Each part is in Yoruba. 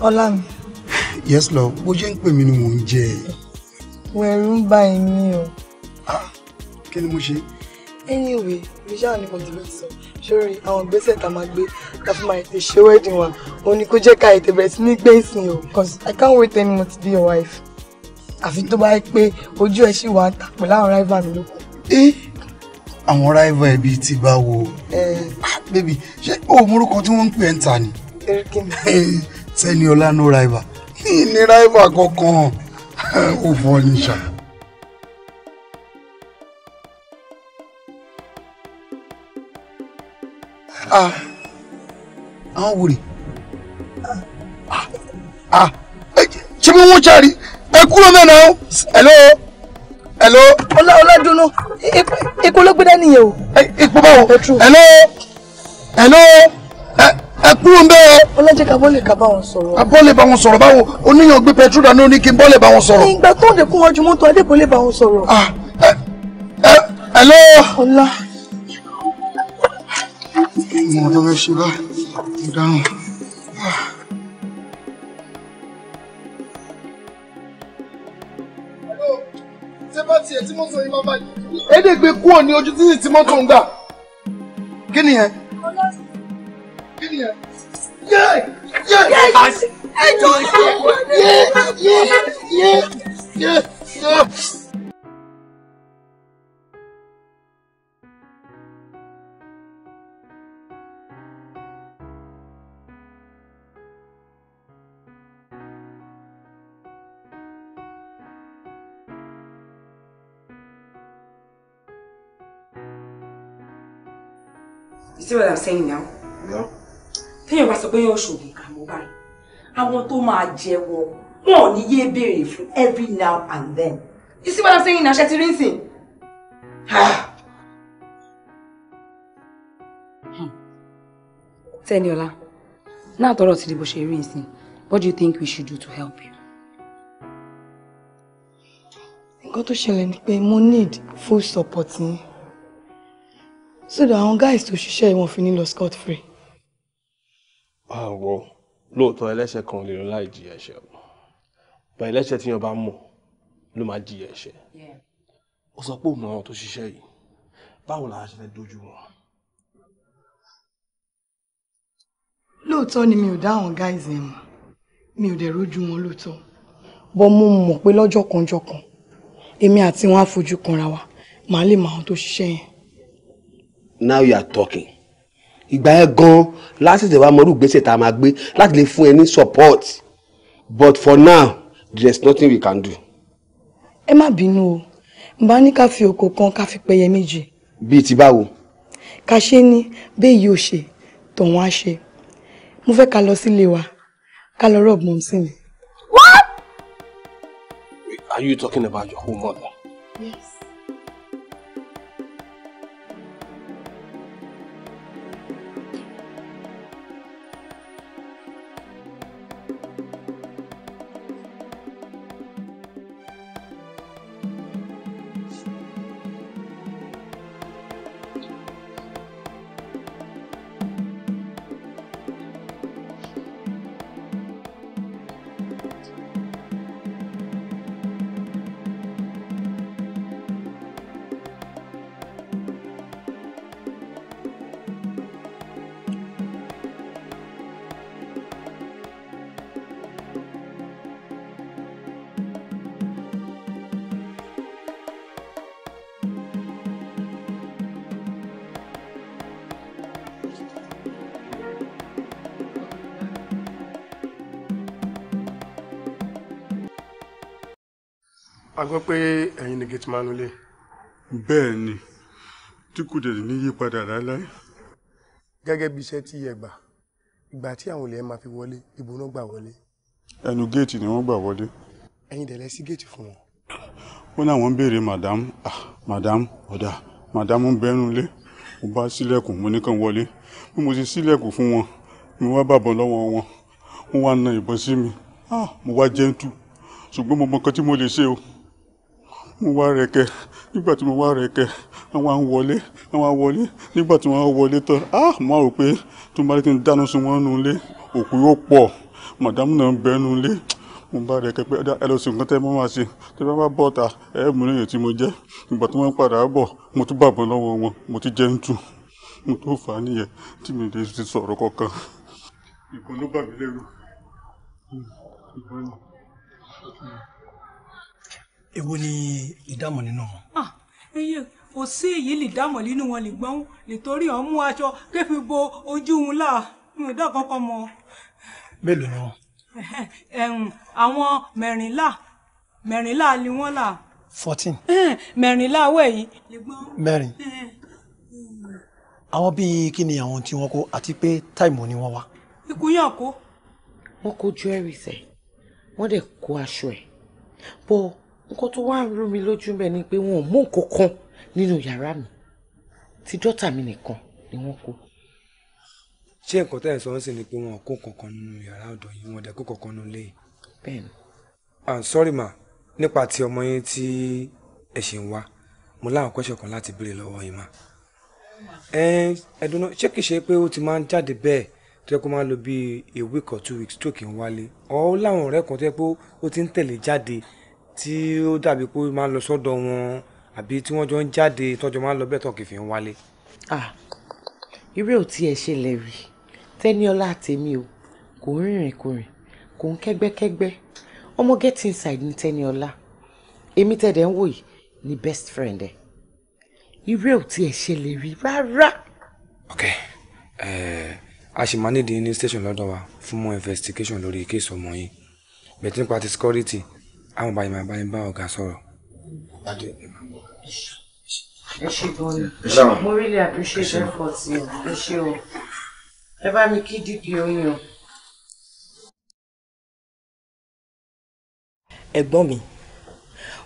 ọlá mi. yes lọ bó ṣe ń pè mí ni mò ń jẹ. wẹ̀rù ń bá èmi o. Ah, kí ni mo ṣe. anyway ríṣà ni mo ti lọ sọ sórí àwọn ìgbésẹ̀ tá a máa gbé ká fún máa ètè ṣe wedding wa òun ni kó jẹ́ ká ètè bẹ̀rẹ̀ sí ní gbé ìsìn o cause i can't wait any more to be your wife. àfi tó bá yẹ pé ojú ẹ ṣì wà á tàpẹ́ láwọn rival mi ló kù. ẹ àwọn rival ẹbí ti bá wo. Eh. Ah, baby ṣé o mú orúkọ tí wọ́n ń pè ẹ́ ń ta ni. erikini sẹ́ni ọlá no rival ní rival kankan ò fọ ní ṣá. Ah, àwọn wòlé ah, ah, ṣé mo wọ́n ṣàrí ẹ kúrò mẹ́rin o hello hello. ọlá ọládúnú epo ló gbé dání yẹn o. epo báwo hello hello ẹ kúrò ń bẹ́ẹ̀. ọlọ́jẹ́ ká bọ́lẹ̀ ká bá wọn sọ̀rọ̀. a bọ́lẹ̀ bá wọn sọ̀rọ̀ báwo oníyàn gbé petrol dání ó ní kí n bọ́lẹ̀ bá wọn sọ̀rọ̀. ìgbà tó ń dẹ̀ kún wájú mọ́tò adébọ̀lẹ̀ bá wọn sọ̀rọ̀. Ah, ẹ ẹ ẹ lọ. ọlá. mo mọ tó fẹ́ ṣe báyìí mo dáhùn. ṣé bá tiẹ̀ tí mọ́tò yìí máa bá yìí. èdè kúrò ní ojú títì tí mọ́tò ń gbà kí Yeah, Yeah, yeah, yeah. I, I told you. Yeah, yeah, yeah, yeah, yeah. You see what I'm saying now? Yeah. téèyàn bá sọ pé yóò ṣògùn àmọ́ báyìí àwọn tó máa jẹ́wọ́ wọn ò ní yé béèrè fún every now and then you see what i'm saying na ṣe ti rí nsìn. Ah. Hmm. Tẹ́niọlá náà tọrọ ti di bó ṣe rí nsìn what do you think we should do to help you. nǹkan tó ṣẹlẹ̀ ni pé mo need full support yín so that àwọn guys tó ṣiṣẹ́ wọn fi ní lọ scot free àwọ̀ lóòótọ́ ẹlẹ́ṣẹ̀ kan lè lọ láì jìyà ẹ̀ṣẹ̀ o bá ẹlẹ́ṣẹ̀ tí yàn bá mọ̀ ló máa jìyà ẹ̀ṣẹ̀ ó sọ pé òun tó ṣiṣẹ́ yìí báwo la ṣe fẹ́ dojú wọn. lóòótọ́ ni mi ò dá àwọn guys yẹn mọ̀ mi ò dẹ̀ rójú wọn lóòótọ́ bọ́ mo mọ̀ pé lọ́jọ́ kan jọ́ kan èmi àti wọn á fojú kanra wa màá lè mọ àwọn tó ṣiṣẹ́ yẹn. now you are talking ìgbà yẹn gan lásìkò wa mọ̀rú gbèsè tá a máa gbé láti lè fún ẹ ní support but for now there is nothing we can do. ẹ má bínú o bá ní ká fi òkò kan ká fi pẹyẹ méjì. bíi ti báwo. ká ṣe ní bẹ́ẹ̀ yóò ṣe tọ̀hún á ṣe mo fẹ́ ká lọ sílé wa ká lọ rọ̀ mọ́ sí mi. What? Are you talking about your whole mother? Yes. gbọ́ pé ẹ̀yin ni gate man lé. bẹ́ẹ̀ ni tí kò dẹ̀ ní yí padà láéláé. gẹ́gẹ́ bí iṣẹ́ tí ẹ gbà ìgbà tí àwọn olè máa fi wọlé ibo náà gbà wọlé. ẹnu géètì ni wọ́n gbà wọlé. ẹ̀yin dẹ̀ lẹ ṣí géètì fún wọn. ó láwọn ń béèrè madam ah madam ọ̀dà madam ń bẹ́nu lé mo bá sílẹ̀kùn mo ní kàn wọlé bí mo ṣe sílẹ̀kùn fún wọn mo wá bàbọ̀ lọ́wọ́ wọn wọ́n wá na ìbọn sí mi ah mo wá jẹ́ńtù ṣùgbọ́n mo mọ nǹkan tí mo lè ṣe o. mo wá rẹ̀kẹ̀ nígbà tí mo wá rẹ̀kẹ̀ àwọn àwọn wọlé àwọn wọlé nígbà tí wọ́n wọlé tán ah ma o pé tó bá ti dáná sun wọn nù lé òkú yóò pọ̀ màdámù náà bẹ nù lé mo bá rẹ̀kẹ̀ pé ẹ lọ sí nǹkan tẹ́ mọ́ máa ṣe tẹ́ bá bá bọ̀ ta ẹ mú ní mo jẹ́ ìgbà mo tún bàbọ̀ lọ́wọ́ mo ti jẹ́ ń tù mo ti sọ̀rọ̀ kankan. èwo ni ìdámọ̀ nínú wọn. ẹyẹ kò sí èyí lè dámọ̀ nínú wọn lè gbọ́n lè torí ọ̀ mú aṣọ kéfi bo ojú wọn là mi ò dá kankan mọ́. mélòó ni wọn. àwọn mẹ́rìnlá mẹ́rìnlá ni wọ́n là. fourteen. mẹ́rìnlá awẹ́ yìí. mẹ́rin àwọn bíi kí ni àwọn tí wọ́n kó àti pé táìmù ni wọ́n wá. ikú yàn kó. wọ́n kó jewelries ẹ̀ wọ́n dẹ̀ kó aṣọ ẹ̀ bọ́ nǹkan tó wá ń rú mi lójú bẹ́ẹ̀ ni pé wọn mú nǹkan kan nínú yàrá mi tí dọ́tà mi nìkan ni wọ́n kó. ṣé nǹkan tẹ́ ẹ̀ sọ ń sìn ni pé wọn kó kankan nínú yàrá ọ̀dọ̀ yìí wọn dẹ̀ kó kankan nínú ilé yìí. bẹ́ẹ̀ni. i'm sorry ma nípa ti ọmọ yín tí ẹ ṣì ń wá mo láwọn kọ́ṣọ̀ kan láti béèrè lọ́wọ́ yín ma. ẹ ẹdùnú ṣé kìí ṣe pé ó ti máa ń jáde bẹ́ẹ̀ tó yẹ kó máa lo bíi a week or two weeks tó kì í wálé ọ̀ láwọn ọ̀rẹ́ kan tó yẹ pé ó ti ń tẹ̀lé jáde tí ó dàbí pé ó máa ń lọ sọ́dọ̀ wọn àbí tí wọ́n jọ ń jáde tọ́jọ́ máa ń lọ bẹ́ẹ̀ tán kì í fi ń wálé. Ah, irú ò tiẹ̀ ṣẹlẹ̀ rí tẹ́niọlá àtẹ̀mí o kò ń rìnrìn kò rìn kò ń kẹ́gbẹ́kẹ́gbẹ́ ọmọ get inside ní tẹ́niọlá èmi tẹ̀dẹ̀ ń wò yìí ni best friend ẹ̀ irú ò tiẹ̀ ṣẹlẹ̀ rí rárá. ok a sì máa nídìí ní station lọ́dọ̀ wa fún more investigation lórí kéèsì ọmọ yìí bẹ̀tí nípa ti security àwọn bàyìí máa bá bá ọ̀gá sọ̀rọ̀. ẹ ṣe gan ni mo really appreciate effort yẹn ẹ ṣe o ẹ bá mi kí dp oyin o. ẹ̀gbọ́n mi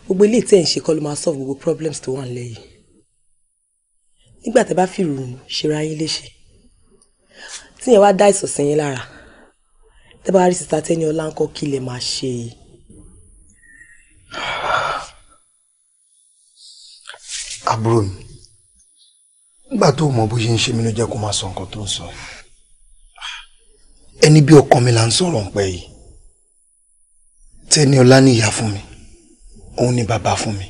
gbogbo ilé tí ẹ̀ ń ṣe kọ́ ló máa solve gbogbo problems tó wà nílẹ̀ yìí nígbà tẹ́ bá fìrù ṣera yín léṣe tíyẹn wá dá ìsọ̀sìn yín lára tẹ́ bá rí sísá tẹ́ni ọlá kí lè máa ṣe yìí àbúrò mi nígbà tó mọ bó ṣe ń ṣe mí ló jẹ́ kó máa sọ nǹkan tó ń sọ ẹni bí ọkàn mi là ń sọ̀rọ̀ ǹpẹ́ yìí tẹ́ni ọlá ní ìyá fún mi òun ni bàbá fún mi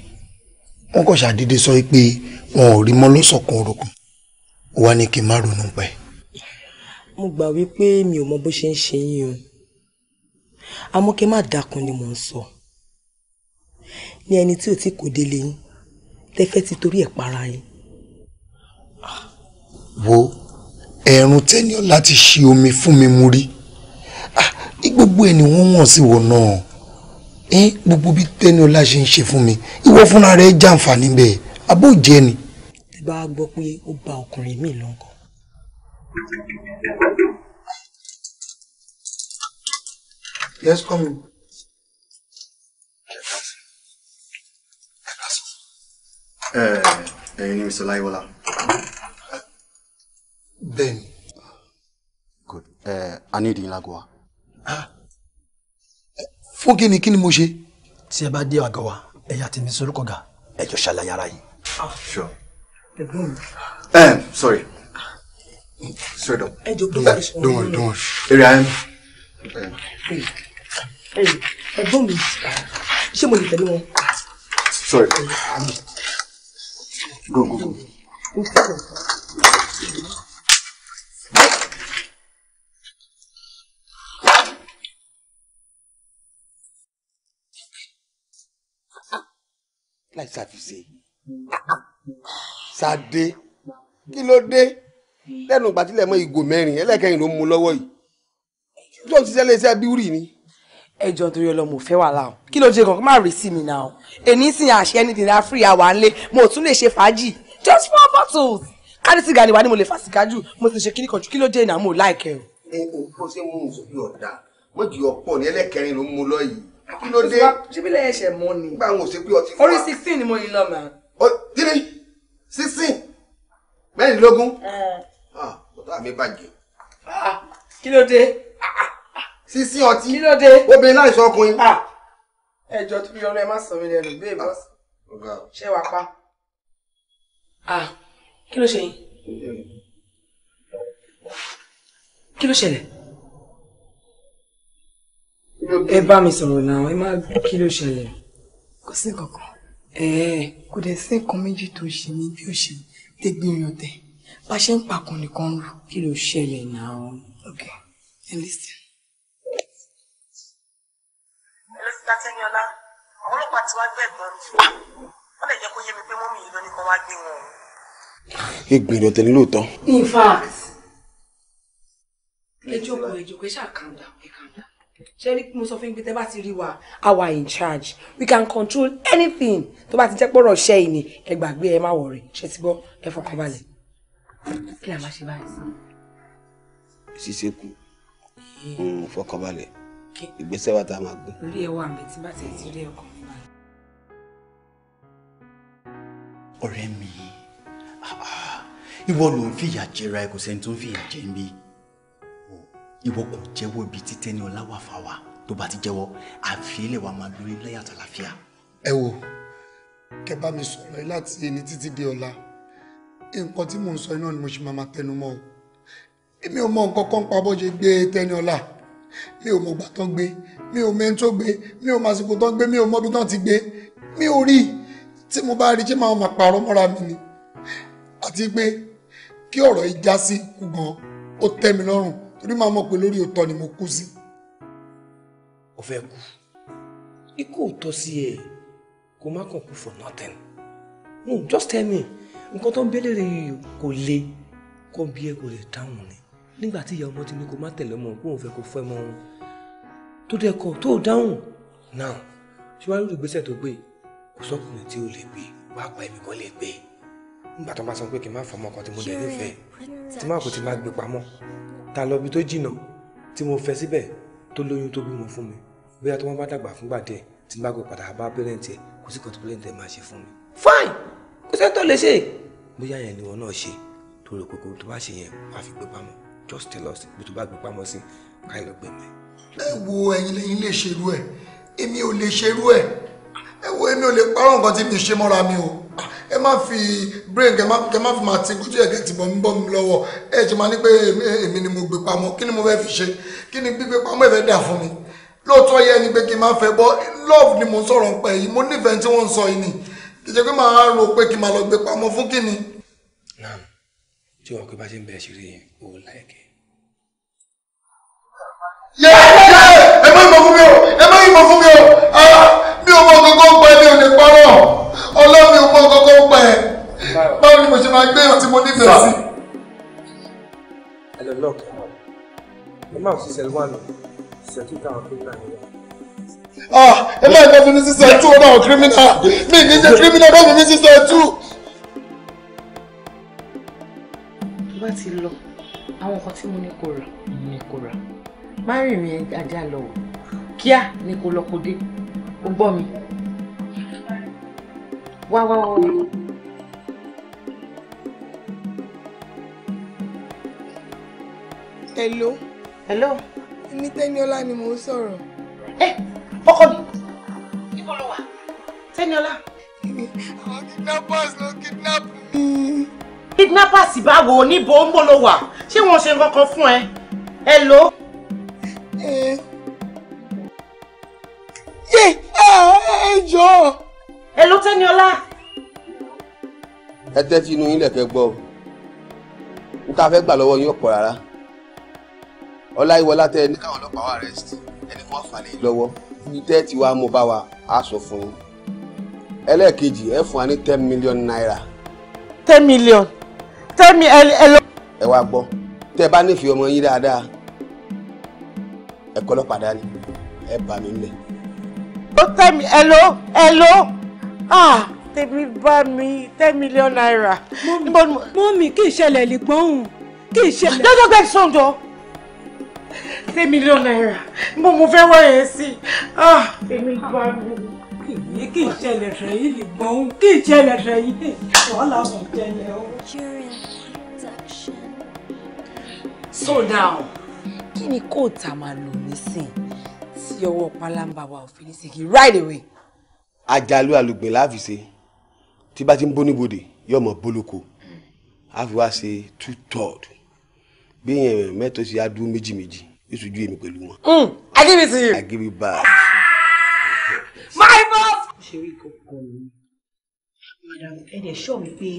wọ́n kàn ṣàdédé sọ pé wọn ò rí mọ́ lọ́sọ̀kan orúkọ wá ní kí n má ronú pẹ́. mo gbà wípé mi ò mọ bó ṣe ń ṣe yín o àmọ́ má dákun ni mò ń sọ. So ní ẹni tí ò tí kò délé yín tẹ́fẹ́ ti torí ẹ̀ para yín. wo ẹ̀rùn tẹ́ni ọ̀la ti ṣe omi fún mi mú rí ah, gbogbo ẹ̀ ni wọ́n wọ̀n sí wọ̀ náà gbogbo bí tẹ́ni ọ̀la ṣe ń ṣe fún mi ìwọ fúnra rẹ̀ jàǹfààní bẹ́ẹ̀ abó jẹ́ ni. tẹ bá gbọ́ pé ó ba ọkùnrin mi lọ́kọ̀. Yes, come Eh, ẹ̀yin Mr. Láyíwọlá. bẹ́ẹ̀ni. good ẹ a ní ìdíyìn lágọ̀ọ́ wa. fún kí ni kí ni mo ṣe. tí ẹ bá dé àgọ́ wa ẹ̀yà tèmi sorúkọ ga ẹ jọ ṣàlàyé ara yìí. Ah, um, eh, sorry. Straight up. Hey, don't, don't, worry, don't worry, don't worry. Here I am. Hey, ẹ̀gbọ́n mi, ṣé mo lè tẹ̀lé wọn? Sorry. Go, go, go. láì ṣàtúnṣe ṣàdé kí ló dé lẹ́nu ìgbà tí lè mọ ìgò mẹ́rin ẹlẹ́kẹ̀rin ló mú lọ́wọ́ yìí tó ń ṣiṣẹ́ léṣẹ́ bíúrì ni ẹjọ torí ọlọmọ òfẹ wàhálà o kí ló dé gan má rí sí mi náà èní sì àṣẹ anything that free àwa ńlẹ mo tún lè ṣe fàájì just four bottles kárí sìgá ni wà ní mo lè fa sìgá jù mo sì ṣe kíní kan jù kí ló dé náà mo láìkẹ o. ẹ o bó ṣe mú un sóbì ọ̀dà wọ́n di ọ̀pọ̀ ní ẹlẹ́kẹrin ló ń mu lọ yìí kí ló dé. ṣíbílẹ̀ ẹ̀ṣẹ̀ mọ́ ni. nígbà wọn ṣe pé ọtí fún wa. orí sixteen ni mo yìí lọ màá. ó dídí sixteen mẹ́rìndínlógún. Ah, ọ̀tá mi bàjẹ́. Ah, kí ló dé. Ah, sísí ọtí obìnrin láì sọ ọkùnrin. ẹjọ tó yọ ẹ má sọ mí lẹ́nu bẹ́ẹ̀ ah, bọ ṣé wàá pa. Ah, kí ló ṣe yín kí ló ṣẹlẹ̀ ẹ bá mi sọ̀rọ̀ náà ẹ má kí ló ṣẹlẹ̀. kò sí kankan kò dẹ̀ sí nǹkan méjì tó ṣe ní bí ó ṣe tẹ́gbìnrin ọ̀tẹ̀ bá ṣe ń pakùn nìkan rú. kí ló ṣẹlẹ̀ náà. ok ẹ listen ẹlẹ́fíta tẹ́yọ́lá àwọn ọlọ́pàá ti wá gbẹ̀gbọ́n mi wọ́n lè jẹ́ kó yé mi pé mọ́mí yìí ló ní wá gbé wọn. ìgbìyànjú tẹ̀lé lóòótọ́. in fact ẹ jókòó ẹ jókòó ẹ ṣáà calm down ẹ calm down ṣe rí mo sọ fún yín pé tẹ́ bá ti rí wa àwa in charge we can control anything tó bá ti jẹ́ pọ̀rọ̀ ṣẹ́ yìí ni ẹ gbàgbé ẹ má wọ̀rẹ̀ ṣe ti gbọ́ ẹ fọkàn balẹ̀ kí la máa ṣe báyìí sí. ṣíṣe kù mm, fọkàn balẹ̀ ìgbésẹ̀ wa tá a máa gbé. orí ẹ wà mí tí bá ti ti rí ọkàn mi báyìí. ọ̀rẹ́ mi ìwọ ló ń fìyà jẹra ẹ kò sẹ́ni tó ń fìyà jẹ ń bí ìwọ kò jẹ́wọ́ ibi títẹ́ ní ọláwà fáwa tó bá ti jẹ́wọ́ àfihàn wa máa lórí lẹ́yàtọ̀ àlàáfíà. ẹ wo kẹ bá mi sọ̀rọ̀ yìí láti ẹni títí di ọ̀la nǹkan tí mò ń sọ iná ni mo ṣe máa máa tẹnu mọ́ o èmi ò mọ nǹkan kan pa bó ṣe gbé tẹni ọ̀la mi ò mọ̀gbà tán gbé mi ò mẹ́ni tó gbé mi ò màsìkò tán gbé mi ò mọ́bí tán ti gbé mi ò rí tí mo bá rí ṣé máa máa pààrọ̀ mọ́ra mi ni àti pé kí ọ̀rọ̀ yìí já sí kú gan ó tẹ́ mi lọ́rùn torí máa mọ̀ pé lórí òótọ́ ni mo kú sí. o fẹ́ kú ikú òótọ́ sí ẹ kó má kàn kú for nothing no just tell me nǹkan tó ń bẹ́lẹ̀ rẹ̀ kò le kó bí ẹ kò lè dáhùn ni nígbà tí ìyá ọmọ ti ní kó má tẹ̀lé ọmọ kó òun fẹ́ kó fọ́ ẹmọ òun tó dẹ̀ kọ̀ tó dáhùn náà ṣíwájú ìgbésẹ̀ tó gbé kò sọ́kùnrin tí ó lè gbé wàá pa èmi kan lè gbé nígbà tó bá sọ pé kí n má fọmọ kan tí mo dẹ̀ nífẹ̀ẹ́ tí má kò ti má gbé pamọ́ ta lọ ibi tó jìnà tí mo fẹ́ síbẹ̀ tó lóyún tó bímọ fún mi bóyá tó wọ́n bá dàgbà fúngbà díẹ̀ tí n gbé padà bá pẹ́rẹ́ǹtì ẹ̀ kò sí kan tó just tell us ibi tó bá gbé pamọ́ sí ká lọ mi. ẹ wo ẹ̀yin lẹ́yìn lè ṣerú ẹ èmi ò lè ṣerú ẹ ẹ wo èmi ò lè parọ́ nǹkan tí mi ṣe mọ́ra mi o ẹ má fi brain kẹ má kẹ má fi máa ti kójú ẹ̀kẹ́ ti bọ̀ ń bọ̀ mi lọ́wọ́ ẹ ṣe máa ní pé èmi ni mo gbé pamọ́ kí ni mo fẹ́ fi ṣe kí ni gbígbé pamọ́ ẹ̀ fẹ́ dà fún mi lóòótọ́ yẹ ni pé kí n máa fẹ́ bọ́ love ni mo sọ̀rọ̀ ń yìí mo nífẹ̀ẹ́ tí wọ́n ń sọ yìí ni kì í ṣe pé màá rò pé kí n máa lọ gbé pamọ́ fún kí ni. náà tí wọn kò bá ṣe ń bẹ ṣeré yẹn ò láìkẹ ò lè parọ́ ọlọ́run ò mọ kọ́kọ́ ń pẹ́ báwo ni mo ṣe máa gbé ọtí mo nífẹ̀ẹ́ sí. ẹ lọ lọ́ọ̀kì ẹ máa ṣe ṣẹlẹ̀ wà lọ ṣẹlẹ̀ tó dáhùn fún náà yẹn. ah ẹ máa gbọ́ fún mi sísè tú ọ̀nà kírímínà mi ní jẹ́ kírímínà bá fún mi sísè tú. tó bá ti lọ àwọn nǹkan tí mo ní kó rà ní kó rà má rìn rìn ajá lọ kíá ni kò lọ kó dé o gbọ́ mi wá wá wá. hello. hello. èmi Tẹ́niọlá ni mò ń sọ̀rọ̀. ẹ eh, ọkọ mi níbo ló wà Tẹ́niọlá. àwọn kidnappers lo, kidnap mi. kidnappers báwo níbo ń bọ̀ ló wà ṣé wọn ṣe nǹkan kan fún ẹ hello. Eh. Ah, ẹ ẹ Joe. Hello Tẹ́niọlá. ẹ tẹ́tí inú yín lẹ̀kẹ́ gbọ́ o n ta fẹ́ gbà lọ́wọ́ yín ọ̀pọ̀ rárá ọláyíwọlá tẹ ẹni káwọn ọlọ́pàá wà arrest ẹni wọn fà lè lọ́wọ́ ní tẹ́tí wa mo bá wa á sọ fún yín ẹlẹ́ẹ̀kejì ẹ fún wa ní ten million naira. ten million ten mi ẹ lọ. ẹ wá gbọ́ tẹ́ ẹ bá nífẹ̀ẹ́ ọmọ yín dáadáa ẹ kọ́ lọ́pàá dání ẹ bà mí mẹ́. ó tẹ́ mi ẹ lọ ẹ lọ ah tèmi bá mi ten million naira. mọ́mí kì í ṣẹlẹ̀ lìgbọ́n òun kì í ṣẹlẹ̀. lọ́jọ́ gbẹ́ sọ̀dọ̀ ten million naira mo mo fẹ́ wá sí i ah tèmi bá mi. kì í ṣẹlẹ̀ sẹ́yìn lìgbọ́n òun kì í ṣẹlẹ̀ sẹ́yìn wàhálà kò ṣẹlẹ̀ o. so now kí ni kóòtà máa lò nísìn tí ọwọ́ pálábá wa ò fi ní sí right away àjálù àlùgbìn láàfi ṣe tí bá ti ń bóníbodè yóò mọ bólóko àfi wá ṣe two third bí èèyàn mẹ́tò ṣe á méjì méjì yóò ṣojú èmi pẹ̀lú wọn. Hmm, I give it to you. I give it back. my boss. ṣe rí ìkókó mi madam ẹ̀dẹ̀ ṣọ́ mi pé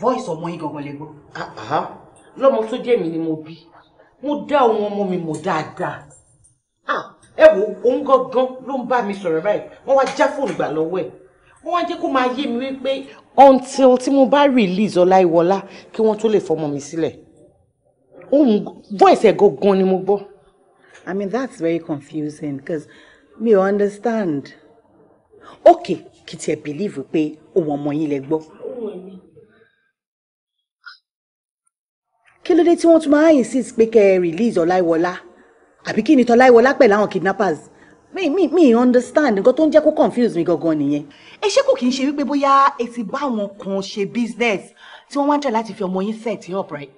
voice ọmọ yín gangan lè gbọ́. lọ́mọ tó jẹ́ mi ni mo bí mo dá ohun ọmọ mi mọ̀ dáadáa. Ah, ẹ wo òun gangan ló ń bá mi sọ̀rọ̀ báyìí wọ́n wá já fóònù gbà lọ́wọ́ ẹ̀ wọ́n wá jẹ́ kó máa yé mi wípé until tí mo bá release Ọláìwọlá kí wọ́n tó lè fọmọ mi sílẹ̀ ohun voice ẹ̀ gangan ni mo gbọ́. I mean that's very confusing because me o understand. okay kì í tiẹ̀ believe pé òun ọmọ yín lẹ gbọ́. kí ló dé tí wọ́n tún máa insist pé kẹ́ ẹ release Ọláìwọlá àbí kí ni tọ́lá ìwọlá pẹ̀lú àwọn kidnappers mi mi mi understand nǹkan tó ń jẹ́ kó confuse mi gangan nìyẹn. ẹ ṣé kò kì í ṣe wípé bóyá ẹ ti bá àwọn kan ṣe business tí wọ́n wá ń tẹ̀ láti fi ọmọ yín set up right.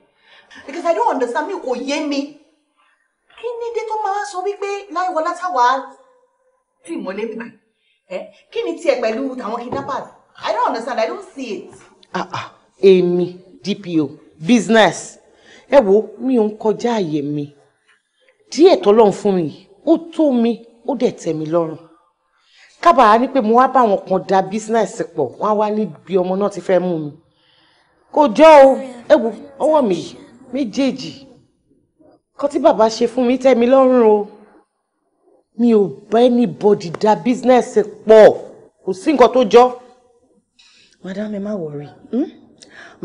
because i don't understand mi kò yé mi kí ni dé tó máa sọ wípé láìwọlá táwa tì mọ́lé mi kí ni tiẹ̀ pẹ̀lú àwọn kidnappers i don't understand i don't see it. ah ah èmi dpo business ẹ wo mi ò ń kọjá àyè mi díẹ̀ tọ́lọ́run fún mi yìí ó tó mi ó dẹ̀ tẹ́ mi lọ́rùn kábàá ní pé mo wá bá àwọn kan da bísínẹ́sì pọ̀ wọ́n wá níbi ọmọ náà ti fẹ́ mú mi kò jọ o ẹ wo ọwọ́ mi méjèèjì kan tí bàbá ṣe fún mi tẹ́ mi lọ́rùn o mi ò bá anybody da bísínẹ́sì pọ̀ kò sí nǹkan tó jọ. madam ẹ má wọrí hmm?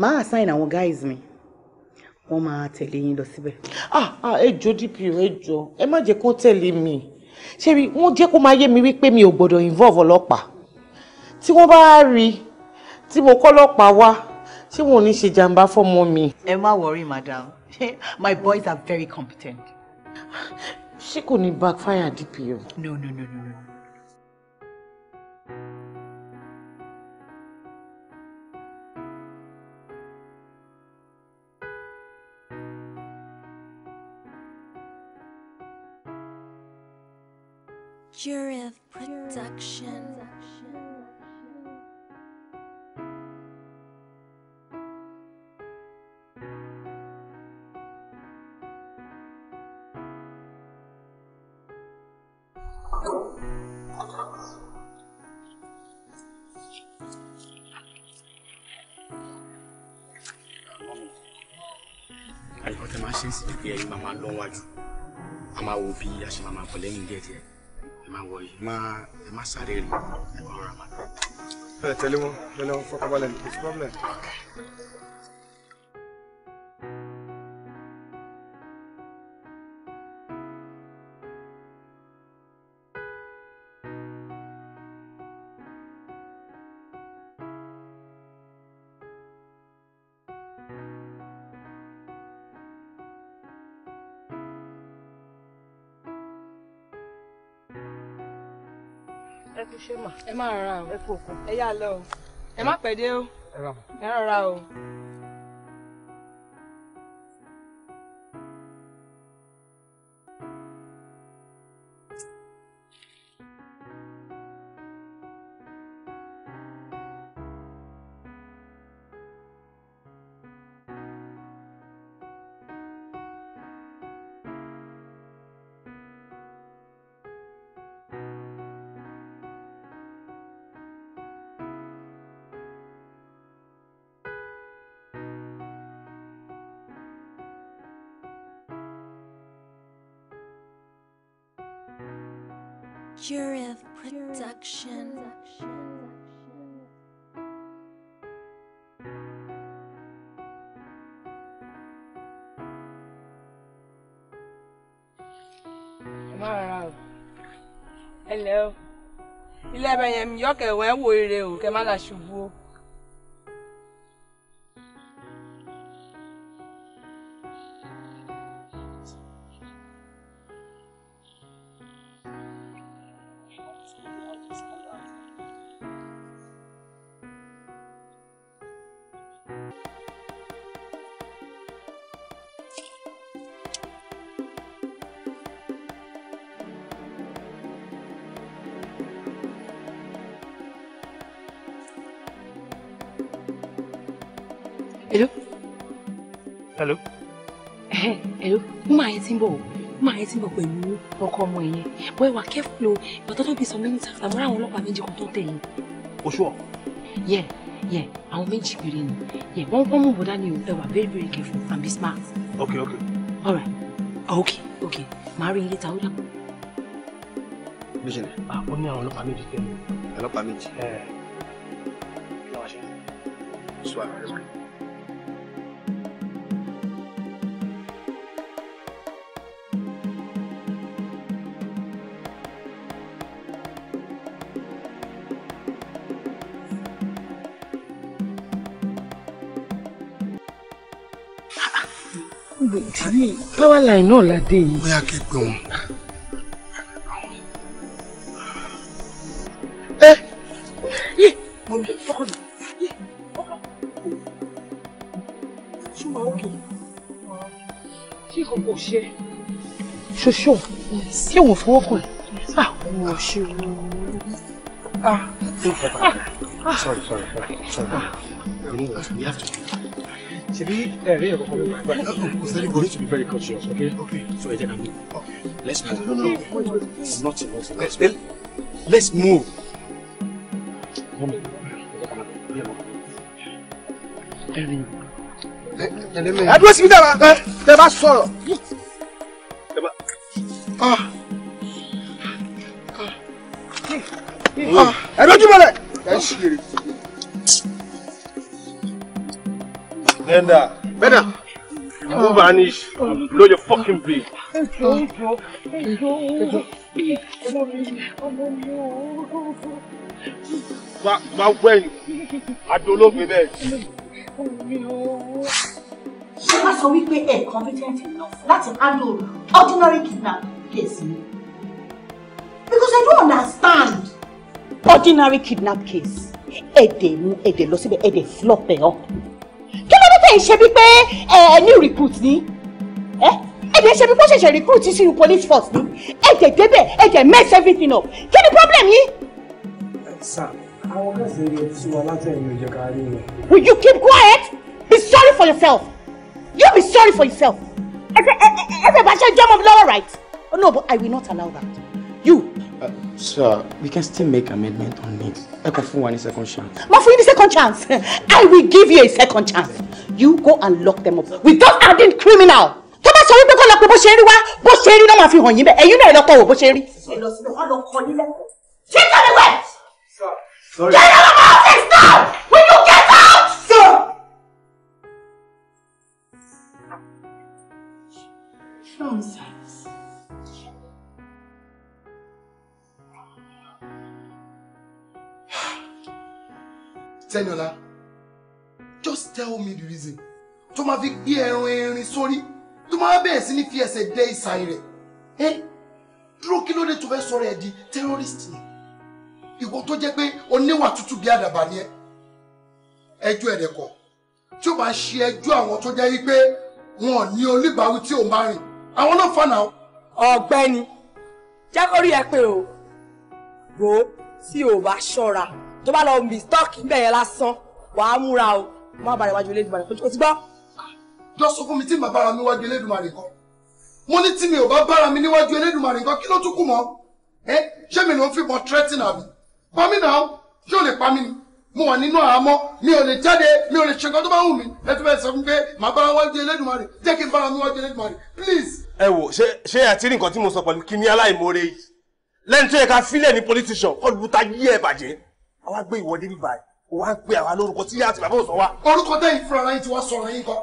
máa assign àwọn guys mi wọ́n máa tẹ̀lé yín lọ síbẹ̀. ah ah ẹ jọ̀ọ́ DPO ẹ jọ̀ọ́ ẹ má jẹ́ kó tẹ̀lé mi ṣé wọ́n jẹ́ kó máa yé mi wípé mi ò gbọ́dọ̀ involve ọlọ́pàá tí wọ́n bá rí i tí mo kọ́ lọ́pàá wá tí wọn ò ní ṣe jàǹbá fọ́mọ mi. ẹ má worry madam my boys are very competent. ṣé kò ní backfire DPO. no no no no no. Jurif Production. àyíkọ́ tẹ máa ṣe ń sì pé ẹ̀yin máa máa lọ́wájú a máa wo bí a ṣe máa máa pọ̀ díẹ̀díẹ̀ má wọ yìí má ẹ má sáré rìn ẹ má rọra problem. Okay. ẹ kú ṣe mà. ẹ má rọra o ẹ kú lọ ẹ má pẹ́ dé o ẹ rọra o. yẹn yọkẹ̀ wẹ́ wo ire o kẹ má la ṣubú. ti ń bọ̀ máa yẹn ti ń bọ̀ pẹ̀lú ọkọ careful o ìgbà tó tóbi some minutes after mọ́ra àwọn ọlọ́pàá méjì kan tó tẹ̀ yín. oṣù Yeah, yẹ yẹ àwọn méjì ni yẹ wọn wọn mú bọdá ni o ẹ wà very very careful and be smart. Okay, okay. all right ah, okay. ok màá rí ilé ta ó dàpọ̀. méjì ni ó ní àwọn ọlọ́pàá méjì tẹ̀lé. ọlọ́pàá méjì. ẹ eh. ẹ kí ni wọ́n ṣe. sùwàrà ẹ gbè tí power line náà la dé yìí. bóyá kí n pè wọn. ẹ mọ mi ọkọ mi ọkọ ṣùgbọ́n ó kì í kí nǹkan kò ṣe ṣoṣo kí òun fọwọ́ kàn ah ò ṣe òun ah. Ah. ah sorry sorry sorry sorry you ah ṣe bí ẹ̀rí ẹ̀kọ́ kan mi báyìí. you need to be very cautious okay. okay. so ẹ jẹ́ ká mú. let's move. no no it's not enough. let's move. let's move. ẹ dúró síbi dára tẹ bá sọ̀rọ̀. kí n bì. Ètò ètò ètò ètò ọmọ mi ọmọ mi ooo. Gba gba wẹ̀yìn, adolóògbé bẹ́ẹ̀. Ọmọ confident enough láti handle ordinary kidnapping case Because I don't understand. Ordinary kidnap case, ẹ̀dẹ̀ mú ẹ̀dẹ̀ lọ síbẹ̀ ẹ̀dẹ̀ flop ẹ̀ up. Kí ló dé tẹ̀ ń ṣe new recruit ni? Eh? ẹ̀jẹ̀ ṣe bí wọ́n ṣẹ̀ṣẹ̀ recruit sínú police force ni ẹ̀jẹ̀ débẹ̀ ẹ̀jẹ̀ mess everything up kí ni problem yìí. sir àwọn kẹsì rẹ ti wà látẹ̀yìn òjò kárí rẹ. will you keep quiet be sorry for yourself you be sorry for yourself ẹsẹ ẹsẹ bá ṣe jọmọ lọ́wọ́ right oh no but i will not allow that you. Uh, sir we can still make amendment on it ẹ kàn fún wa ní second chance. má fún yín ní second chance i will give you a second chance you go and lock them up with those hardened criminals sọ wípé kọ́ lọ pé bó ṣe rí wá bó ṣe rí náà máa fi bẹ́ẹ̀ ẹ̀yin náà lọ́tọ̀ wò bó ṣe rí. ṣé get out of will you get out. Sir. Nonsense. Tẹ́niọlá, just tell me the reason tó máa fi gbé ẹran erin sórí tó máa bẹ̀rẹ̀ sí ní fi ẹsẹ̀ dẹ ìsàyè rẹ̀ ẹ dúró kí ló dé tó fẹ́ sọ̀rọ̀ ẹ̀ di terrorist ni ìwọ tó jẹ́ pé oníwà tútù bí àdàbà ni ẹ ẹjọ́ ẹ̀rẹ̀ kọ̀ tí ó bá ṣe ẹjọ́ àwọn tó jẹ́ wípé wọn ò ní olúbàwí tí ò ń bá rìn àwọn náà fànà. ọ̀gbẹ́ni jákórí ẹ pé o bò ó tí ò bá ṣọ́ra tó bá lọ mistọ́ọ̀kì bẹ́ẹ̀ lásán wàá múra o má bàrẹ̀ wájú ilé ìdìbò rẹ̀ kó ti gbọ́ jọ sọ fún mi tí màá bára mi wájú Elédùmarè kan mo ní tí mi ò bá bára mi níwájú Elédùmarè kan kí ló tún kù mọ́ ẹ ṣé mi ló ń fìbọn threatening àbí pa mí náà ṣé ò lè pa mí ni mo wà nínú àhámọ́ mi ò lè jáde mi ò lè ṣe nǹkan tó bá wù mí ẹ tún bẹ́ẹ̀ sọ fún pé màá bára wájú Elédùmarè jẹ́ kí n bára mi wájú Elédùmarè please. ẹ wò ṣé ṣé àti rí nǹkan tí mo sọ pẹ̀lú kíní aláìmoore yìí lẹ́nu tó yẹ ká fílẹ̀ ní politician kọlùbùtà yí ẹ̀ bàjẹ́ àwa gbé ìwọ́de bíbá ẹ̀ wọ́n á gbé àwa lórúkọ tí yá àti bàbá òsọ wa. orúkọ tẹ́yìn fúnra yín ti wá sọ̀rọ̀ yín kan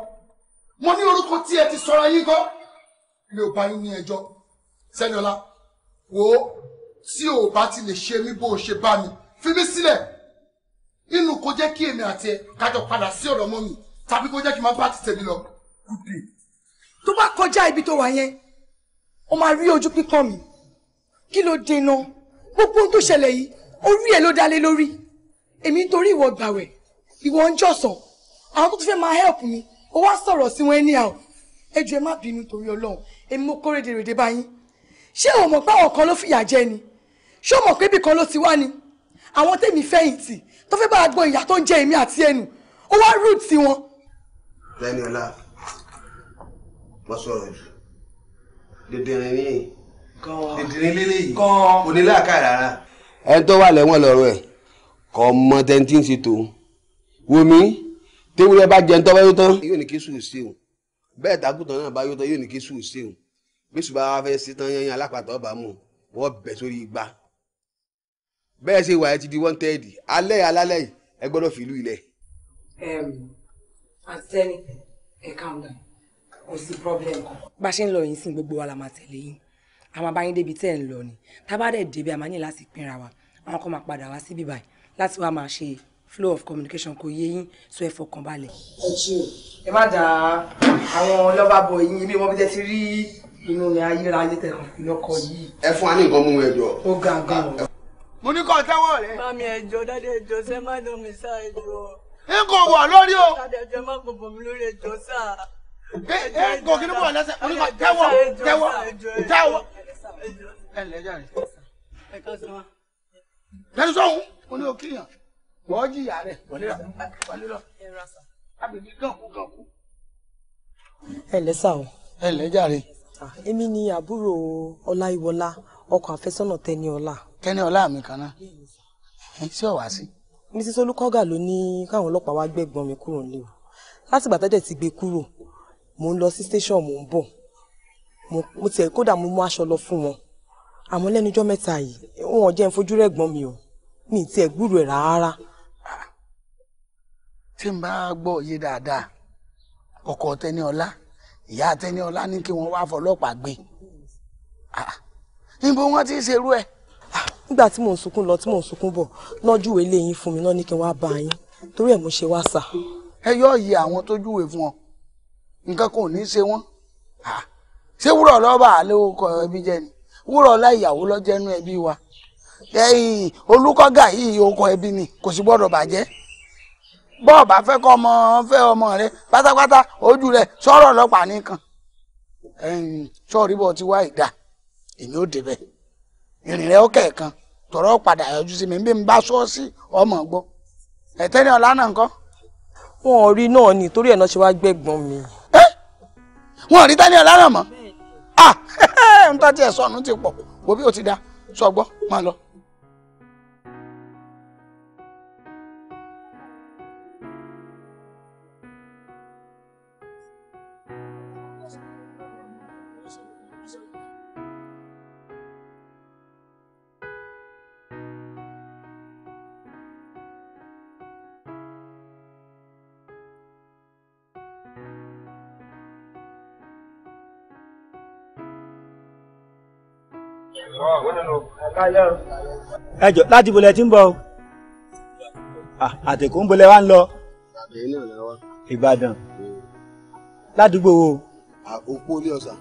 mo ní orúkọ tí ẹ ti sọra yín gan mi ò bá yín ní ẹjọ́ sẹ́niọlá wo tí ò bá ti lè ṣe mí bó o ṣe bá mi fi mí sílẹ̀ inú kò jẹ́ kí èmi àti ẹ kájọ padà sí ọ̀dọ̀ mọ́ mi tàbí kò jẹ́ kí n máa bá ti tèmi lọ gùdì. tó bá kọjá ibi tó wà yẹn ó máa rí ojú pípọ́n mi kí ló dènà gbogbo ohun tó ṣẹlẹ̀ yìí orí ẹ̀ ló dálé lórí èmi nítorí ìwọ gbàwẹ̀ ìwọ ń jọ̀sán àwọn tó tún fẹ́ máa help mi ó wá sọ̀rọ̀ sí wọn anyhow ẹ jọ̀ọ́ ẹ má bínú torí ọlọ́run èmi mo kó rédèrèdè báyìí ṣé o mọ̀ pé àwọn kan ló fìyà jẹ ni ṣé o mọ̀ pé ibì kan ló ti wá ni àwọn tèmi fẹ̀yìntì tó fẹ́ bá a gbọ́ ìyà tó ń jẹ èmi àti ẹnu ó wá rúùt sí wọn. Dáníọlá wọ́n sọ̀rọ̀ jù dèdèrè ní dèdèrè lélẹ́yìí onílàákà rárá. ẹni tó wà lẹ́wọ̀n lọ́rọ̀ ẹ̀ kọ́ mọ ń ṣètò wọ́n mi tewúrẹ́ bá jẹun tọ́wọ́ yóò tán yóò ní kí sùn sí o bẹ́ẹ̀ tàkùtàn náà bá yóò tán yóò ní kí sùn sí o bí sùn bá wá fẹ́ sí tán yẹn alápàtà ọba mọ̀ wọ́n bẹ̀ sórí igba bẹ́ẹ̀ ṣe wà ẹ ti di wanted alẹ́ alálẹ́ ẹ gbọ́dọ̀ fìlú ilẹ̀. àtẹni ẹ calm down kò sí problem bá a ṣe ń lọ yìí sí gbogbo wa la máa tẹ̀lé yín àwọn abáyín débi tẹ́ ẹ̀ ń lọ ni tá flow of communication kò yé yín so ẹ fọkàn balẹ̀. ẹ jí o ẹ má da àwọn lọ́ba bọ̀ yín bí wọ́n bí tẹ́ ti rí inú mi ayéra ayé tẹ̀ lọ́kọ yìí. ẹ fún wa ní nǹkan mú ẹjọ́. ó ga ga o. mo ní kọ́ tẹ́wọ́ rẹ. bá mi ẹjọ́ dáadé ẹjọ́ sẹ́ má dán mi sá ẹjọ́. n kò wọ̀ lórí o. dáadé ẹjọ́ má gbogbo mi lórí ẹjọ́ sá. ẹ ẹ kò kí ni mo lẹ́sẹ̀ mo ní kọ́ tẹ́wọ́ tẹ́wọ́ tẹ́wọ́. ẹ lẹ́jà rẹ̀. ẹ ká sọ wọn. lẹ́nu sọ̀hún mo ní o kíyàn wọ́n jìyà rẹ̀ wọlé lọ wọlé lọ abèmí gànkú gànkú. ẹ lẹ́sà o. ẹ lẹ́jàre. èmi ni àbúrò ọláyíwọlá ọkọ àfẹ́sọ́nà tẹniọlá. tẹniọlá mi kan náà ẹ ṣé ọ̀wá sí. mrs olùkọ́gà ló ní káwọn ọlọ́pàá wá gbẹ̀gbọ́n mi kúrò nílé o láti ìgbà tẹ́tẹ̀ ti gbé kúrò mò ń lọ sí station mò ń bọ̀ mo tiẹ̀ kódà mo mú aṣọ lọ fún wọn àmọ́ lẹ́nu ọjọ́ mẹ́ta yìí wọn ò jẹ́ ń fojú rẹ̀ gbọ́n mi o mi ì tiẹ̀ gbúrò ẹ̀ rárá tí n bá gbọ́ yé dáadáa ọkọ Tẹniọlá ìyá Tẹniọlá ní kí wọ́n wá fọlọ́pàá gbé ah, níbo wọ́n ti ṣerú ẹ̀. Ah, nígbà tí mò ń sunkún lọ tí mò ń sunkún bọ̀ lọ́júwe lẹ́yìn fún mi náà ní kí n wá bá yín torí ẹ̀ mo ṣe wá sà. ẹ yọ iye àwọn tó júwe fún ọ nǹkan kò ní í ṣe wọn ah, ṣé wúrọ̀ lọ́ba àlẹ́ òkọ ẹbí jẹ ni wúrọ̀ ọlá lọ́jẹ́nu ẹbí wa ẹ̀yìn olùkọ́gà yìí òkọ ẹbí ni kò sì gbọ́dọ̀ bàjẹ́ bọ́ọ̀ bá fẹ́ kọ́ ọmọ fẹ́ ọmọ rẹ pátápátá ojú rẹ sọ̀rọ̀ ọlọ́pàá nìkan sọ́ọ̀rí bọ́ ti wá ìdá èmi ò débẹ̀ ìrìn rẹ ó kẹ̀ẹ̀kan tọ̀rọ̀ padà yọjú sí mi bí n bá ṣọ́ọ̀ṣì ọmọ gbọ́ ẹ̀tẹ́ ní ọ̀la náà nǹkan. wọn ò rí náà ni torí ẹ̀ náà ṣe wá gbẹ̀gbọ́n mi. wọn ò rí tẹ́ni ọ̀la náà mọ́ ah ń tọ́ tiẹ̀ sọ̀nù ti pọ̀ wo bí o ti da sọ gbọ́ máa lọ. ẹ láti bolẹ tí ń bọ̀ àtẹkùn ń bolẹ wa ń lọ Ìbàdàn hmm. ládùúgbò wo. òpó ilé ọ̀sà.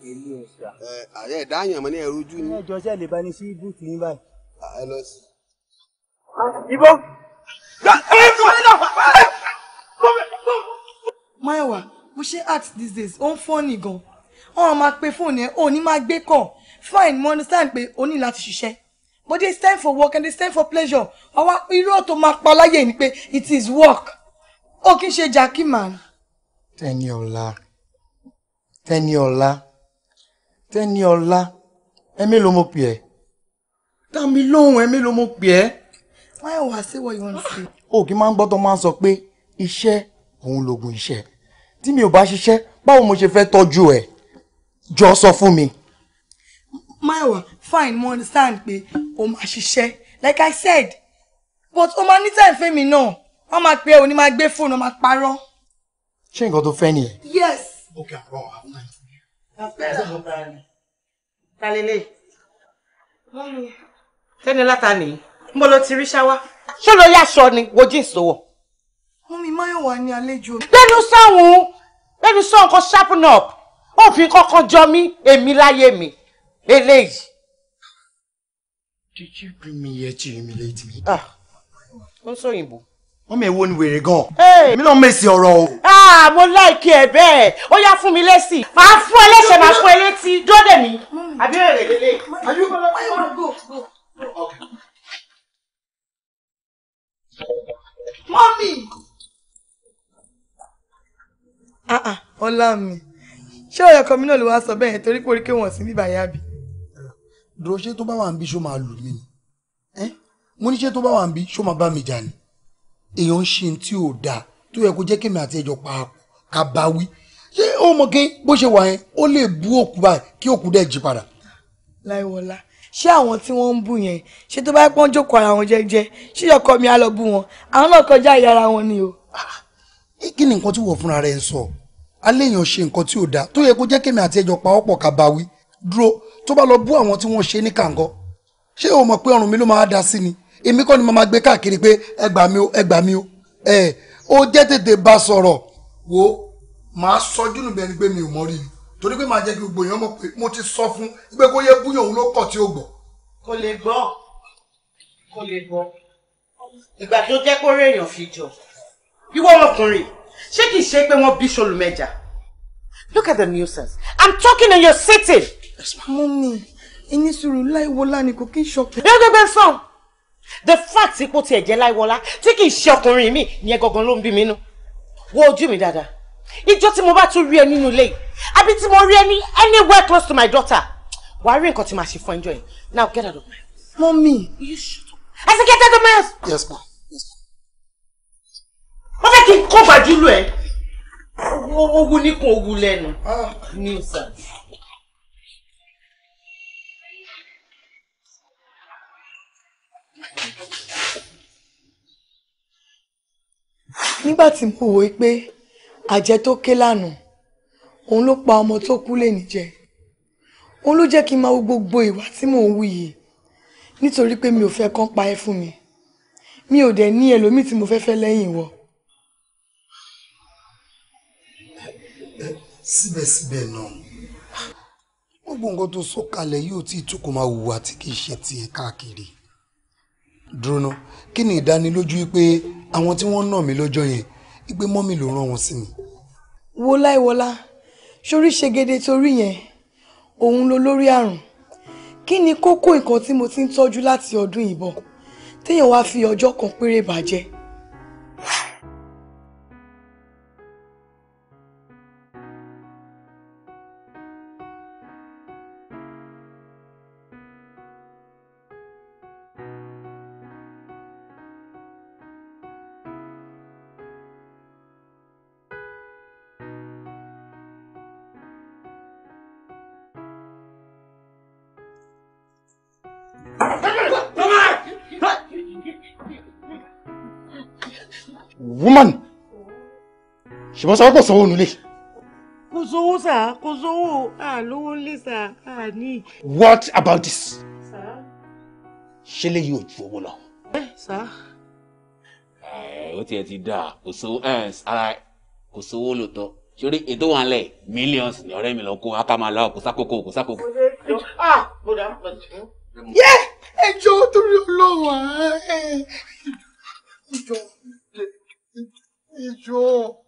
ilé ọ̀sà. ẹ mọ ní ẹrú ojú ni. ẹjọ sẹ lè bá sí búùtù yín báyìí. ibo. Máyọ̀wá bó ṣe act these days ó ń fọ́ọ̀nì gan-an wọ́n máa pe fóònù ẹ̀ ò ní máa gbé kàn fine mo understand pé o ní láti ṣiṣẹ́ but they stand for work and they stand for pleasure àwa irú ọ̀tọ̀ máa pa láyé ni pé it is work ó kì í jackie man. Tẹniọlá Tẹniọlá Tẹniọlá ẹ̀mí ló mo pè ẹ́ dá mi lóhùn ẹ̀mí ló mo pè ẹ́. why wá say what you sí. o kì í máa ń gbọ́ tó máa ń sọ pé iṣẹ́ òun lògùn iṣẹ́ tí mi ò bá ṣiṣẹ́ báwo mo ṣe fẹ́ tọ́jú ẹ̀ jọ sọ fún mi. Máyọ̀wá fine mo understand pé o máa ṣiṣẹ́ like I said but o máa ní time fún mi náà wọ́n máa pe òní máa gbé fóònù máa parọ́. ṣé nǹkan tó fẹ́ nìyẹn. yes. okay àbọ̀ àwọn àbúrò mi. talele tẹ́ni láta ni mo lọ ti rí ṣáwá. ṣé ló yá aṣọ ni wo jeans tó wọ̀. mọ́mí Máyọ̀wá ni àlejò. lẹ́nu sọ̀hún lẹ́nu sọ̀hún kan sharpen up ó fi kankan jọ mí èmi láyé mi eléyìí. did you bring me here to humiliate me. ah ó ń sọyìnbó. wọ́n mi èwo ni wèrè gan-an. mi náà mèsì ọ̀rọ̀ o. ah mo láìkí ẹ bẹ́ẹ̀ ó yá fún mi lẹ́sìn máa fún ẹ léṣe máa fún ẹ létí dóde mi. àbí èrè lélẹ̀. àbí ó bá go go. okay. Mọ́mì! Ah ah, ọlá mi. Ṣé ọ̀yọ̀kọ mi náà ló wá sọ bẹ́ẹ̀ torí pé orí kí wọ́n sí bíbá yá bí? dúró ṣé tó bá wà ń bí ṣó máa lù mí ni mo ní ṣé tó bá wà ń bí ṣó máa bá mi jà ni èèyàn ń ṣe tí ò dáa tó yẹ kó jẹ́ kémi àti ẹjọ́ paapọ̀ ká bá wí ṣé ó mọ̀ kí bó ṣe wà yẹn ó lè bú òkú báyìí kí òkú dẹ̀ jí padà. láìwọlá ṣé àwọn tí wọ́n ń bù yẹn ṣé tó bá yẹ pọ́n jókòó ara wọn jẹ́jẹ́ ṣé ọkọ mi á lọ bú wọn àwọn náà kọjá ìyá ara wọn ni o. Ah, kí ni nǹkan tí wọ́n fúnra rẹ̀ ń sọ aléèyàn ṣe nǹkan tí ò dáa tó yẹ kó jẹ́ kémi àti ẹjọ́ paapọ̀ ká bá wí dúró tó bá lọ bú àwọn tí wọ́n ṣe ní kàǹgọ́ ṣé o mọ̀ pé ọrùn mi ló máa da sí ni èmi kọ́ ni mo máa gbé káàkiri pé ẹ gbà mí o ẹ gbà mí o ẹ o jẹ́ tètè bá sọ̀rọ̀ wo màá sọjú nù bẹ́ẹ̀ ni pé mi ò mọ̀ rí i torí pé màá jẹ́ kí gbogbo èèyàn mọ̀ pé mo ti sọ fún pé kó yẹ búyàn òun ló kọ̀ tí ó gbọ́. kò lè gbọ́ kò lè gbọ́ ìgbà tó jẹ́ kó réèyàn fi jọ ìwọ ọkùnrin ṣé kìí ṣe pé wọ́n bí solùmẹ̀jà look at the nuisance i'm talking and your sitting mọ́mí ẹni sùúrù láìwọlá ni kò kí ń ṣọkùn. gbẹgbẹgbẹ sàn the fact ipò tiẹ̀ jẹ́ láìwọlá tí kì í ṣe ọkùnrin mi ìyẹn gangan ló ń bí mi nú wo ojú mi dáadáa ìjọ tí mo bá tún rí ẹ nínú ilé yìí àbí tí mo rí ẹ anywhere close to my daughter wàá rí nǹkan tí màá ṣe fún ẹjọ now get out of my house. mọ́mí you shut up. I said get out of my house. yes ma. Yes. wọ́n fẹ́ kí n kó gbàjú lù ẹ́ owó níkun ogun lẹ́nu. Ah. ní ìsàlẹ̀. nígbà tí mo wòó pé àjẹ tó ké lánàá òun ló pa ọmọ tó kú lè níjẹ òun ló jẹ́ kí n máa wo gbogbo ìwà tí mò ń wù yìí nítorí pé mi ò fẹ́ kán pa ẹ́ fún mi mi ò dẹ̀ ní ẹlòmíì tí mo fẹ́ fẹ́ lẹ́yìn wọ. síbẹ̀síbẹ̀ náà gbogbo nǹkan tó sọ kalẹ̀ yóò tí ì máa hùwà tí kì í ṣe tiẹ̀ káàkiri dúróná kí ni ìdánilójú pé àwọn tí wọ́n nà mí lọ́jọ́ yẹn ìgbé mọ́mì ló rán wọn sí mi. wo láìwọlá sórí ṣègede torí yẹn òun ló lórí àrùn kí ni kókó nǹkan tí mo ti ń tọ́jú láti ọdún yìí téèyàn wá fi ọjọ́ kan péré bàjẹ́ ṣùgbọ́n sọ pé kò sówó nulẹ̀. kò sówó sà kò sówó àlówó lè sà àní. what about this? ṣé lè yóò ju owó lọ. ẹ sà. ẹ ó tiẹ̀ ti dà kò sówó ẹ ara kò sówó lòótọ́ sórí ètò wọn lẹ millions ni ọ̀rẹ́ mi lọ kó akamala kò sákòókò kò sákòókò. yẹ ẹjọ́ torí Ọlọ́run ẹjọ́ ẹjọ́.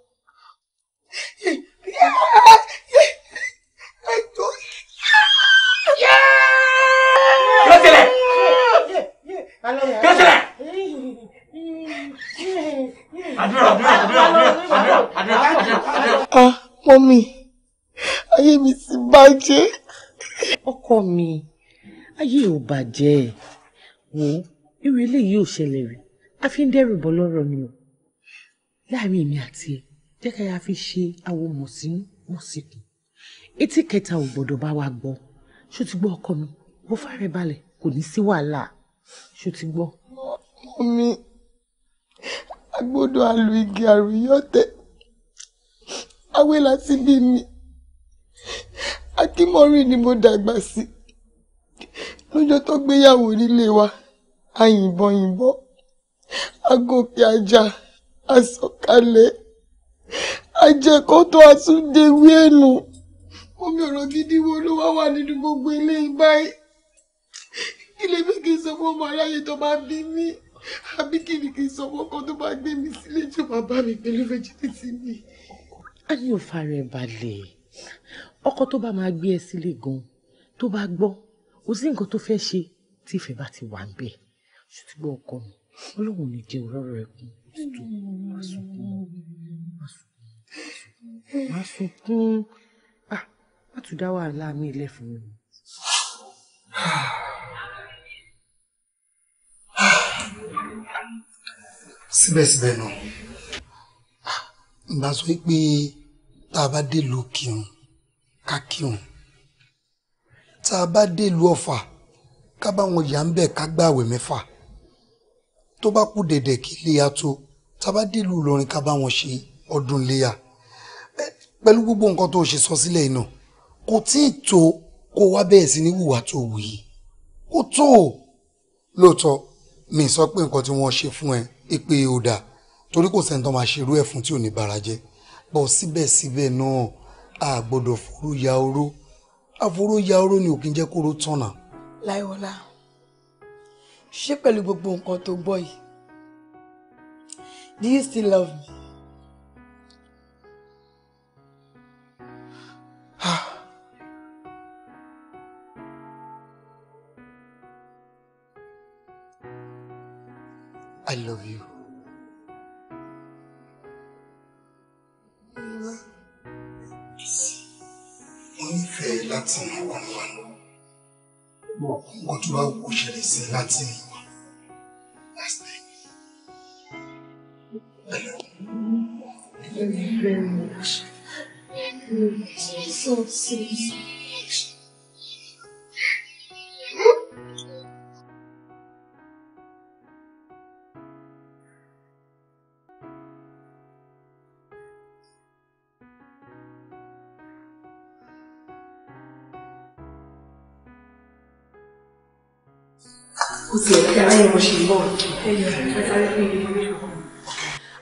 mọ́mì ayé mi ti bàjẹ́. ọkọ mi ayé ò bàjẹ́ wò irú eléyìí ò ṣẹlẹ̀ rí a fi ń dẹ́rù bọ́ lọ́rọ̀ ni o láàrin èmi àti ẹ jẹ́ ká yáa fi ṣe awo mọ̀sínú mọ̀síkù etí kẹta ò gbọ́dọ̀ bá wa gbọ́ ṣó ti gbọ́ ọkọ mi bó fàrẹ̀ balẹ̀ kò ní sí wàhálà ṣó ti gbọ́. mọ́mì agbọ́dọ̀ àlù igi àrùyọ́tẹ̀ awé láti bí mi akínmọ́rin ni mo dàgbà sí lọ́jọ́ tó gbéyàwó nílé wa a yìnbọn yìnbọn a gòkè àjà a sọ̀kalẹ̀ àjẹkọ́tọ̀ àtúndéwé ẹnu omi ọ̀rọ̀ gidi wo ló wá wà nínú gbogbo ilé báyìí kí lè fi kí n sọ fún ọmọ aráyé tó máa bí mi àbí kí ni kí n sọ fún ọkọ tó máa gbé mi sílé jù bàbá mi pẹ̀lú fẹ́jìtì sí mi a ní ò fara ẹ balẹ̀ ọkọ tó bá máa gbé ẹ sílé gan tó bá gbọ́ kò sí nǹkan tó fẹ́ ṣe tí ìfẹ́ bá ti wà ń bẹ̀ ṣùtúgbọ́ ọkọ mi ọlọ́run ní jẹ́ òróró rẹ kún títú má sunkún má sunkún má sunkún ah má tún dá wàhálà mi ilẹ̀ fún mi. síbẹ̀síbẹ̀ náà ìgbà sọ pé tá a bá délùú kírun ká kírun tá a bá délùú ọ̀fà ká bá wọn yà ń bẹ̀ ká gbààwẹ̀ mẹ́fà tó bá kú dẹ̀dẹ̀ kí léya tó tá a bá délùú Ìlọrin ká bá wọn ṣe ọdún léya pẹ̀lú gbogbo nǹkan tó ṣe sọ sílẹ̀ náà kò tí ì tó kó wá bẹ́ẹ̀ sí ní tó wù yìí ó tó lóòótọ́ mi sọ pé nǹkan tí wọ́n ṣe fún ẹ pé ó dáa torí kò sẹ́ni tó máa ṣerú ẹ̀ fún tí ò ní bara jẹ́ bọ́ síbẹ̀síbẹ̀ náà a gbọ́dọ̀ foró ya oró àforó ya oró ni òkín jẹ́ kóró tọ̀nà. láìwọlá ṣé pẹ̀lú gbogbo nǹkan tó gbọ́ yìí do you still love me. sí lọ́wọ́ wa nǹkan tó bá wù ṣẹlẹ̀ sí i láti mi wá last time. Thank you very much. Jesus.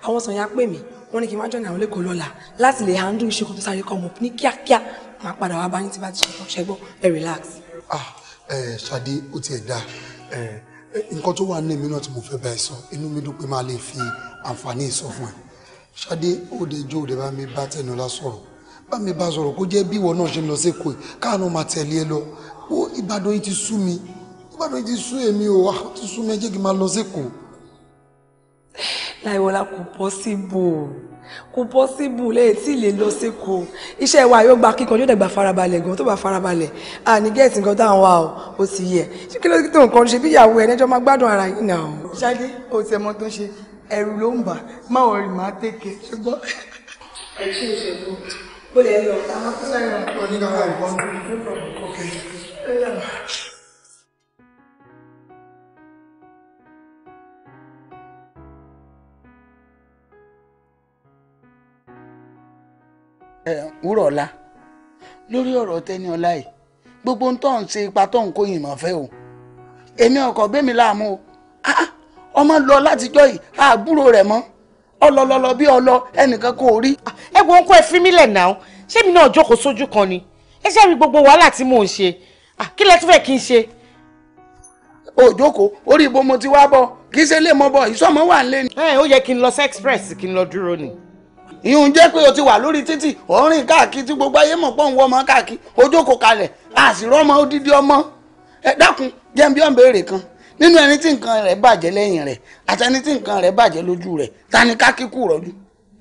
àwọn sàn ya pè mí wọ́n ní kí n má jọ̀nà àwọn lẹ́kọ̀ọ́ lọ́la láti lè handle iṣẹ́ kan tó sáré kọ́ mọ̀ ní kíákíá máa padà wá bá yín tí bá ti ṣe kọ́ ṣẹgbọ́n ẹ relax. Ah, ṣadé ó tiẹ̀ dá nǹkan tó wà ní èmi náà tí mo fẹ́ bá ẹ sọ inú mi dùn pé máa lè fi àǹfààní sọ fún ẹ ṣadé òde jó òde bá mi bá Tẹnulá sọ̀rọ̀ bá mi bá sọ̀rọ̀ kó jẹ́ bí ìwọ náà ṣe lọ sí Èkó yìí ti Ìbàdàn ti sún èmi o àwọn ah, ti sún mi ẹ jẹ́ kí n máa lọ sékòó. Láìwọlá kò pọ́síbù kò pọ́síbù lẹ́yìn tí ìlè lọ sékòó iṣẹ́ wa yóò gba kíkan yóò dẹ̀gbà farabalẹ̀ gan tó bá farabalẹ̀ à ní gẹ̀ẹ́sì nǹkan tá à ń wá o ó sì yẹ ṣé kí ló tó nǹkan ṣe bí ìyàwó ẹ̀ nẹ́jọ́ máa gbádùn ara yìí nà o. Ṣáde o ti ẹmọ tó ń ṣe ẹrù ló ń bà má wọn rì má tèké ṣùgbọ́n. ẹ ṣe ìṣèlú bó lè lọ. àwọn tó sẹ́yìn ọ̀pọ̀ wúrọ̀ọ́lá lórí ọ̀rọ̀ tẹ́ni ọlá yìí gbogbo ń tọ́hún ṣe ipa tọ́hún kó yìnbọn fẹ́ o èmi ọkọ̀ bẹ́mi láàmú o ah, ah, ọmọ lọ látijọ́ yìí àbúrò rẹ̀ mọ́ ọlọlọlọ bí ọlọ ẹnìkan kò rí. Ah, ẹ wo ń kó ẹ fi mí lẹ̀ náà ṣé mi náà jókòó sójú kan ni ẹ ṣe rí gbogbo wàhálà tí mò ń ṣe kí lẹ tún fẹ́ kí n ṣe. ó jókòó orí ibo mo ti wá bọ̀ kì í ṣe lè mọ bọ ìṣọmọ wà ń lé ni. ẹ eh, ó yẹ kí n lọ sí express kí n lọ dúró ni ìhun jẹ́ pé o ti wà lórí títì ò ń rìn káàkiri tí gbogbo ayé mọ̀ pọ̀ ń wọ́ ọmọ káàkiri ojókòó kalẹ̀ àṣìrọ́ ọmọ odidi ọmọ ẹ dákun jẹ́ bí ọ̀n béèrè kan nínú ẹni tí nǹkan rẹ̀ bàjẹ́ lẹ́yìn rẹ̀ àti ẹni tí nǹkan rẹ̀ bàjẹ́ lójú rẹ̀ ta ni ká kíkú rọ́jú.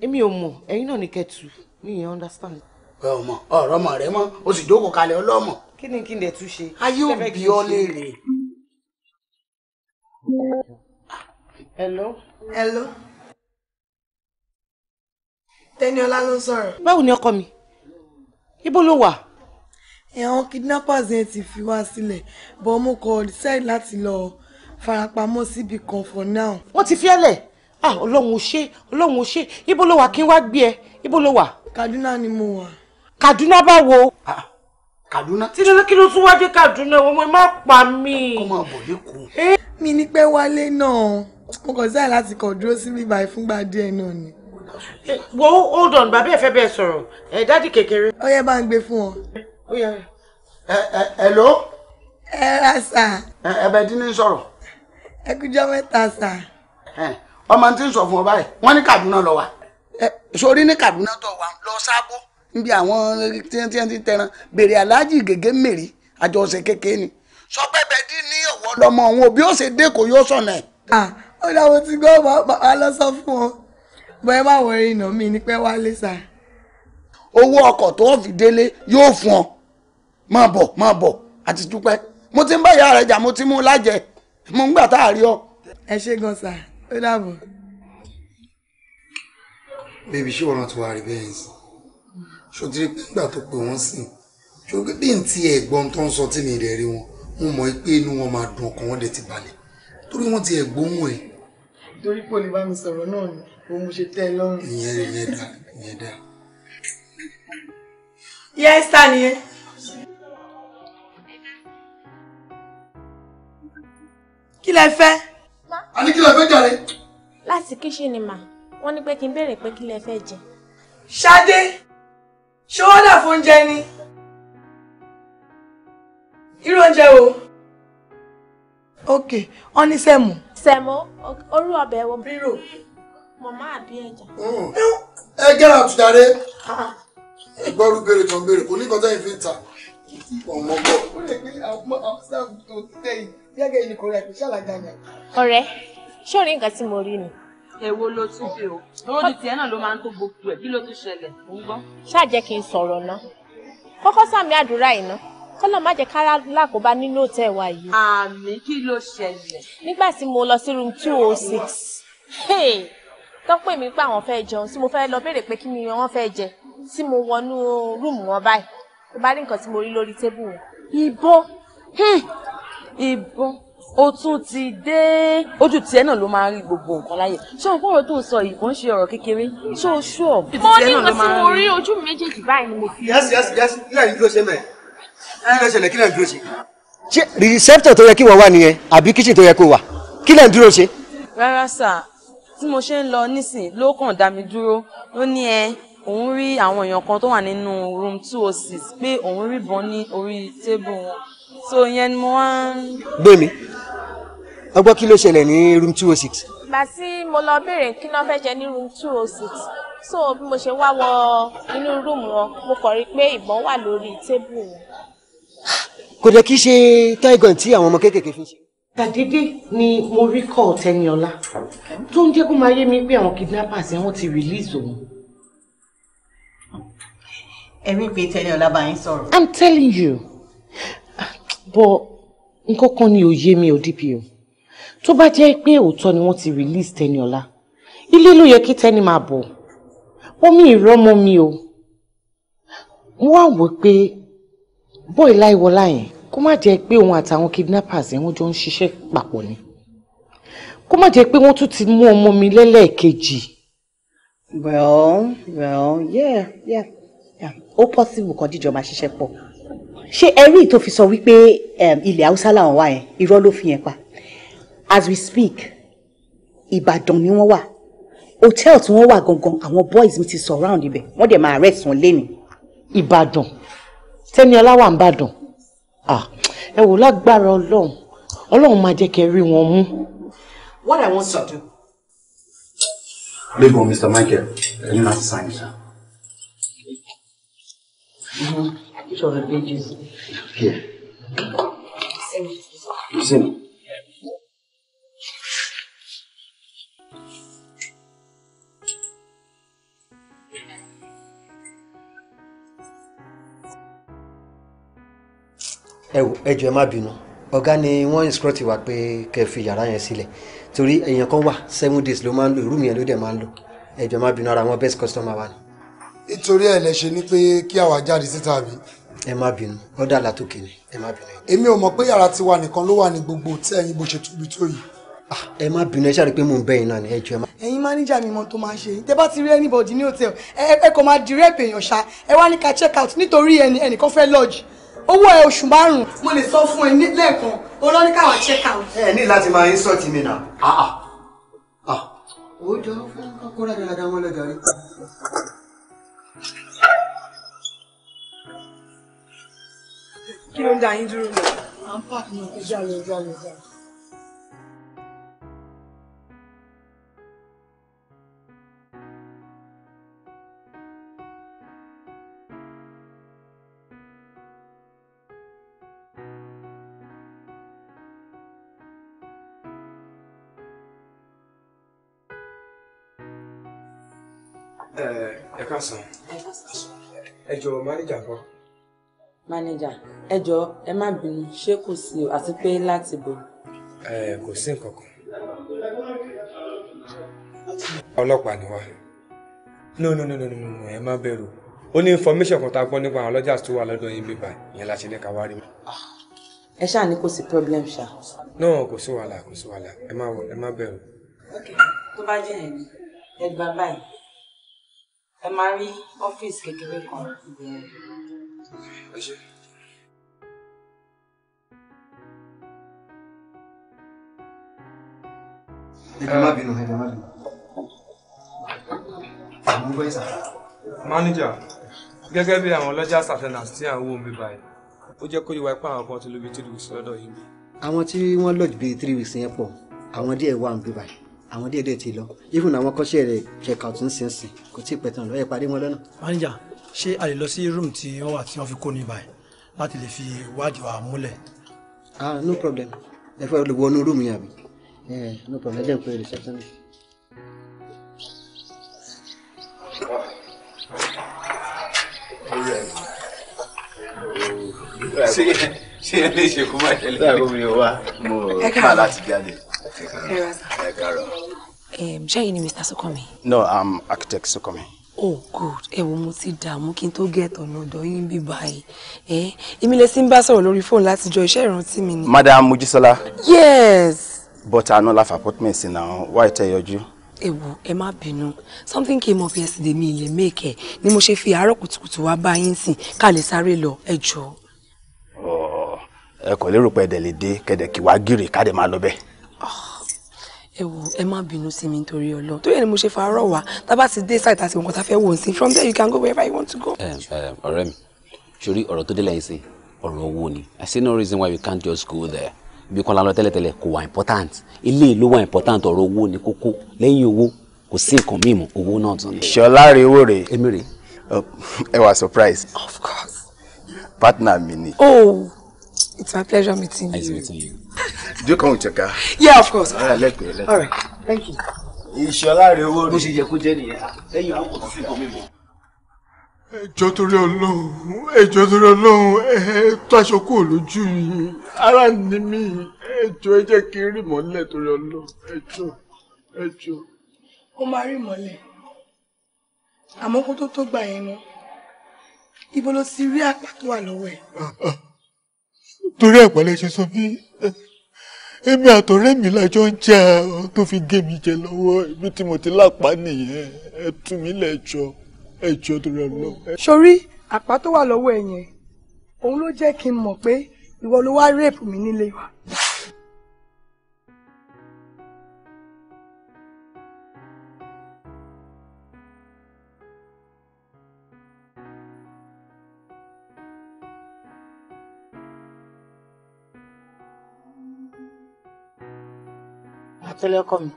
èmi ò mọ ẹ̀yin náà ni kẹtù mi yẹn understand. ẹ ò mọ ọ̀rọ̀ ọmọ rẹ mọ o sì jókòó kalẹ̀ ọlọ́mọ. kí hello. hello. Tẹniọlá ló ń sọ̀rọ̀. báwo ni ọkọ mi ibo ló wà. ẹ̀wọ̀n kidnappers yẹn ti fi wá sílẹ̀ bọ́ mo kọ̀ decide láti lọ farapamọ́ síbi kan for now. wọ́n ti fi ah ọlọ́run ò ṣe ọlọ́run ò ṣe ibo ló wà kí n wá gbé ẹ ibo ló wà. Kaduna ni mo wà. Kaduna báwo. Ah, Kaduna. tinúlé kí ló tún wá dé Kaduna ọmọ ẹ má pa mí. kọ́ máa bọ̀ lẹ́kọ̀ọ́. Eh? mi ní pẹ́ wálé náà mo kàn sáà láti kọ̀ dúró sí bíbá ìfúngbà díẹ̀ náà ni. wo hold on bàbá soro eh bẹ́ẹ̀ kekere ẹ dádì kékeré. fun fún ọ. Eh, eh, ẹ ẹ ẹ ló. ẹ ra ẹ bẹ dín ní sọ̀rọ̀. ẹ kújọ mẹ́ta sà. Eh, ọmọ tí ni sọ Kaduna lọ wa. sórí ní Kaduna tó wà lọ teran bere àwọn gege ti tẹran bèrè ni. sọpẹ́ bẹ dín ní ọ̀wọ́ lọmọ òun òbí ó ṣe bẹ́ẹ̀ bá wọrí iná mi ní pẹ́ wálé sà. owó ọkọ̀ tó fi délé yóò fún ọ máa bọ̀ máa bọ̀ àti dúpẹ́ mo ti ń bá ìyá rẹ̀ jà mo ti mú un lájẹ mo ń gbà tá a rí ọ. ẹ ṣe gan sà ó dàbọ̀. bébí ṣé wọn ti wá rí bẹ́ẹ̀ ń sìn ṣòtìrí gbígbà tó pé wọ́n sìn ṣòtìrí bí n ti ẹ̀gbọ́n tó ń sọ tí mi rẹ̀ rí wọn mo mọ̀ pé inú wọn máa dùn ọkàn wọn dẹ̀ ti balẹ̀ torí wọ́n ti ẹ̀gbọ́n wọn ẹ̀. torí pò ní bá mi sọ̀rọ̀ náà ni bó mo ṣe tẹ́ lọ́rùn. ìyẹn ìyẹn dá ìyẹn dá. yẹ ẹ́sítà nìyẹn. kí lẹ fẹ́. a ní kí lẹ fẹ́ jàre. láti kíṣìn ni mà wọ́n ní pé kí n béèrè pé kí lẹ fẹ́ jẹ. ṣadé ṣé wọ́n dà fún oúnjẹ ni irú oúnjẹ wo. ok ọ́n ní sẹ́mu. sẹ́mu orú ọbẹ̀ wo. bírò. Màmá àbí ẹja. Mm. Ẹ gẹ́ra àtúndáre. Ah. Gbọ́rú béèrè tó ń béèrè kò ní kọjá ìfín ta. Ọmọ gbọ́. Ó lè gbé àwọn staff tó tẹ̀ yìí gẹ́gẹ́ yìí kò rẹ̀ kì í ṣàlàjà yẹn. Ọ̀rẹ́, ṣé orí nǹkan tí mo rí ni? Èwo ló tún dé o? Owó ti tiẹ̀ náà ló máa ń tó gbogbo ẹ̀. Kí ló tún ṣẹlẹ̀? Ò ń gbọ́. Ṣáà jẹ́ kí n sọ̀rọ̀ ná. Kọ́kọ́ sàmì àdúrà yìí kọ́lọ̀ má jẹ́ kára lákòóbá nínú òtẹ́ wa yìí. àmì kí ló ṣẹlẹ̀. nígbà tí mo lọ sí room two o oh six tó pè mí pé àwọn fẹ́ jẹun tí mo fẹ́ lọ béèrè pé kí ni wọ́n fẹ́ jẹ tí mo wọnú rúùmù wọn báyìí mo bá rí nǹkan tí mo rí lórí tébù wọn. ìbọn hmm! ìbọn o tún ti dé ojú tiẹ̀ náà ló máa ń rí gbogbo nǹkan láyè ṣé o gbọ́dọ̀ tó ń sọ yìí ṣe ọ̀rọ̀ kékeré ṣé o ṣú ọ̀. mo ní nǹkan tí mo rí ojú méjèèjì báyìí ni mo fi. yẹ́sì yẹ́sì yẹ́sì kílẹ̀ ń dúró ṣe mẹ́ẹ̀ kílẹ̀ ṣẹlẹ̀ kílẹ̀ ń dúró ṣe. ṣé rìsẹ́pítọ̀ tó yẹ kí wọ́n wà nìyẹn àbí kíṣìn tó yẹ kó wà kílẹ̀ ń dúró ṣe. rárá sáà tí mo ṣe ń lọ nísìn ló kàn dá mi dúró ló ní ẹ òun rí àwọn èèyàn kan tó wà nínú room two oh six pé òun rí bọn ní orí tébù wọn so ìyẹn ni mo wá ń. gbẹ̀mí a gbọ́ kí ló ṣẹlẹ̀ ní room two oh six. gbà tí mo lọ béèrè kí náà fẹ́ jẹ ní room two oh six so bí mo ṣe wá wọ inú rúùmù wọn mo kàn rí i pé ìbọn wà lórí tébù wọn. kò dẹ̀ kí ṣe táìgàn tí àwọn ọmọ kéékèèké fi ṣe tàdédé ni mo rí kọ́ ọ̀tẹ́niọlá tó ń jẹ́ kó máa yé mi pé àwọn kidnappers yẹn wọ́n ti release òun. ẹ̀mí pé tẹ́niọlá bá yín sọ̀rọ̀. i'm telling you but nǹkan kan ni ò yé mi ò DPO tó bá jẹ́ pé òótọ́ ni wọ́n ti release tẹ́niọlá ilé ló yẹ kí tẹ́ni máa bọ̀ wọ́n mi ìrọ́mọ mi o wọ́n á wò pé bọ́ìláìwọlá yẹn kó má jẹ́ pé òun àtàwọn kidnappers yẹn wọ́n jọ ń ṣiṣẹ́ papọ̀ ni kó má jẹ́ pé wọ́n tún ti mú ọmọ mi lẹ́lẹ́ẹ̀kejì. well well yeah yeah yeah ó possible kan jíjọ máa ṣiṣẹ́ pọ̀ ṣé ẹ rí tó fi sọ wípé um, ilẹ̀ haúsá làwọn wà yẹn irọ́ ló fi yẹn pa as we speak ìbàdàn ni wọ́n wà hotel tí wọ́n wà gangan àwọn boys mi ti surround ibẹ̀ wọ́n dẹ̀ máa arrest wọn lẹ́nu. ìbàdàn tẹ́niọlá wà ń bàdàn Ah, ẹ wò lágbára ọlọ́run ọlọ́run máa jẹ́ kẹ́ rí wọn mú. what i want to do. big one mr michael ẹni náà ti sáyẹn sá. These are the pages. Here. Yeah. ẹ wò ẹ jọ̀ọ́ ẹ má bínú ọ̀gá ni wọ́n instruct wa pé kẹ́ ẹ fi yàrá yẹn sílẹ̀ torí èèyàn kan wà seven days ló máa ń lò rúùmù yẹn ló dẹ̀ máa ń lò ẹ má bínú ara wọn best customer wa ni. nítorí ẹ̀ lẹ ṣe ni pé kí àwa jáde síta mi. ẹ má bínú ọ̀dà látòkè ni ẹ má bínú. èmi ò mọ̀ pé yàrá tiwa nìkan ló wà ní gbogbo tí ẹ̀yin bó ṣe tóbi tó yìí. Ah, ẹ má bínú ẹ ṣàrí pé mò ń bẹ̀ yín náà ni ẹ jọ̀ọ́ ẹ má. ẹ̀yin máníjà mi mọ̀ tó máa ṣe tẹ bá ti rí anybody ní hòtẹ́ẹ̀lì ẹ kò máa direct èèyàn ṣá ẹ wá ní ká check out nítorí ẹnìkan fẹ́ lodge owó ẹ oṣù márùn-ún. mo lè sọ fún ẹ ní lẹ́ẹ̀kan olórí check out. ẹ ní láti máa insult mi nà. Ah, ah. ah. ó jọ fún kókóra dáadáa wọn lọ́jà rí. kí ló ń da yín dúró lọ. à ń pàkì náà. ẹ jẹ́ àlọ́ káàsán ẹ jọ mánéjà kan. mánéjà ẹ jọ ẹ má bínú ṣé kò sí o àti pé láti bò. ẹ kò sí nǹkan kan ọlọ́pàá ni wá no no no no no no ẹ má bẹ̀rù ó ní information kan tá a gbọ́ nípa àwọn ọlọ́jà tó wà lọ́dọ̀ yín bíbá ìyẹn la ṣe ní ká wá rí. ẹ ṣáà ní kò sí problem ṣá. náà kò sí wàhálà kò sí wàhálà ẹ má bẹ̀rù. ok tó bá jẹ́ ẹ̀mí ẹ gbà báyìí ẹ máa rí ọ́fíìsì kékeré kan ìgbìyànjú. ẹ ṣe. ẹ̀dùn má bínú ẹ̀dùn má bínú. àwọn bọ́ ìsà. mánéjà gẹ́gẹ́ bí àwọn ọlọ́jà sàtẹ́nàs tí à ń wò mí báyìí ó jẹ́ kó yíwa ipá àwọn kan ti lóbi three weeks lọ́dọ̀ yìí. àwọn tí wọ́n lodge bíi three weeks yẹn pọ̀ àwọn díẹ̀ wà ń bí báyìí àwọn díẹ̀díẹ̀ ti lọ even àwọn kọ́ṣẹ́ rẹ̀ check out ń sìn sìn kò tí ì pẹ́ tán lọ ẹ̀ parí wọn lọ́nà. manager ṣé a lè lọ sí room tí wọ́n wà tí wọ́n fi kó ní ibàyẹn láti lè fi wádìí wa múlẹ̀. ah no problem ẹ fẹ́ lè wọnú room yẹn àbí no problem ẹ jẹ́ pé reception. ṣé ṣé ẹ lè ṣe kó má ṣẹlẹ̀. ṣé àgọ́ mo kà láti jáde ẹ káàárọ̀. ṣẹ́yìn ni Mr. Sukomi. no i'm architect Sukomi. oh good ẹ wo mo ti dààmú kí n tó gẹ̀ẹ́tì ọ̀nà ọ̀dọ̀ yín bí báyìí ẹ èmi lè ti ń bá sọ̀rọ̀ lórí fóònù láti jọ iṣẹ́ ìrántí mi ni. madam Mojísọ́lá. yes. but i no laugh appointment sí now why tẹ yọjú. ẹ wo ẹ má bínú something came up yesterday mi lè make ẹ ni mo ṣe fi àárọ̀ kùtùkùtù wá bá yín sìn ká lè sáré lọ ẹ jọ̀ọ́ oh, ẹ kò lérò pé ẹdẹ lè dé kẹdẹ kí wàá gírè ká dẹ máa lọ bẹ́ẹ̀ ẹ wo ẹ má bínú sí mi nítorí ọlọ torí ẹ ni mo ṣe fa rọ wá tá a dé site àti nǹkan tá a fẹ́ wò sí from there you can go wherever you want to go. ọ̀rẹ́ mi sori ọ̀rọ̀ tó dé lẹ́yìn sí ọ̀rọ̀ owó ni i see no reason why we can't just go there bí kọ́ńtà lọ tẹ́lẹ̀tẹ́lẹ̀ kò wà important ilé ló wà important ọ̀rọ̀ owó ni kókó lẹ́yìn owó kò sí nǹkan míì mọ́ owó náà tún ni. ṣọlá rèé wò rèé. èmi rèé. ẹ wà surprise. of course. partner mi ni. oh it's my pleasure meeting you. nice meeting you. Do you come with your car? Yeah, of course. Yeah, let me, let me. All right, thank you. Ìṣọ̀lá rẹ̀ owó rí. Mo ṣe yẹ kó jẹ́ nìyẹn. Lẹ́yìn àwọn kò sí kò mímọ́. Ẹjọ́ torí Ọlọ́run, ẹjọ́ torí Ọlọ́run, ẹ tó aṣọ kúrò lójú mi. Ara ni mí, ẹjọ́ ẹ jẹ́ kí n rí mọ́lẹ̀ torí Ọlọ́run, ẹjọ́, ẹjọ́. Ó máa rí mọ́lẹ̀, àmọ́ kó tó tó gbà yẹn náà ibo ló ti rí àpá tó wà lọ́wọ́ ẹ̀. torí ẹ̀pẹ́lẹ́ ṣe sọ bí èmi àtọ̀rẹ́ mi lájọ ń jà tó fi gé mi jẹ lọ́wọ́ ibi tí mo ti lápá nìyẹn ẹ tú mi lẹ́jọ́ ẹjọ́ tó rẹ lọ. sori àpá tó wà lọ́wọ́ ẹ̀ yẹn òun ló jẹ́ kí n mọ̀ pé ìwọ ló wá rèpù mi nílé wa. tẹ́lẹ̀ ọkọ mi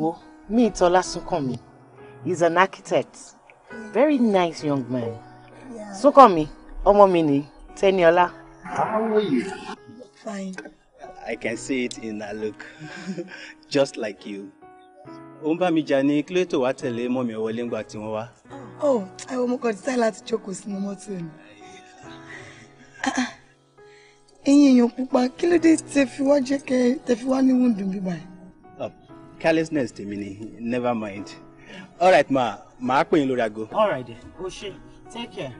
wo mi ìtọ́lá sunkàn he's an architect very nice young man sunkàn mi ọmọ mi ni how are you. fine. I can see it in that look just like you. Omba mi jani ní kílódé tó wá tẹ̀lé mọ́ mi wọlé ńgbà tí wọ́n wá. oh àwọn ọmọ kan ti sá láti jókòó sínú mọ́tò ni. ẹ̀yin ah, ah. èèyàn pupa kí ló dé fi wá jẹ́ kẹ́ tẹ fi wá ní wúndùn bíbá yìí carelessness tèmi ni never mind all right ma màá pè yín lórí aago. all right o ṣe take care.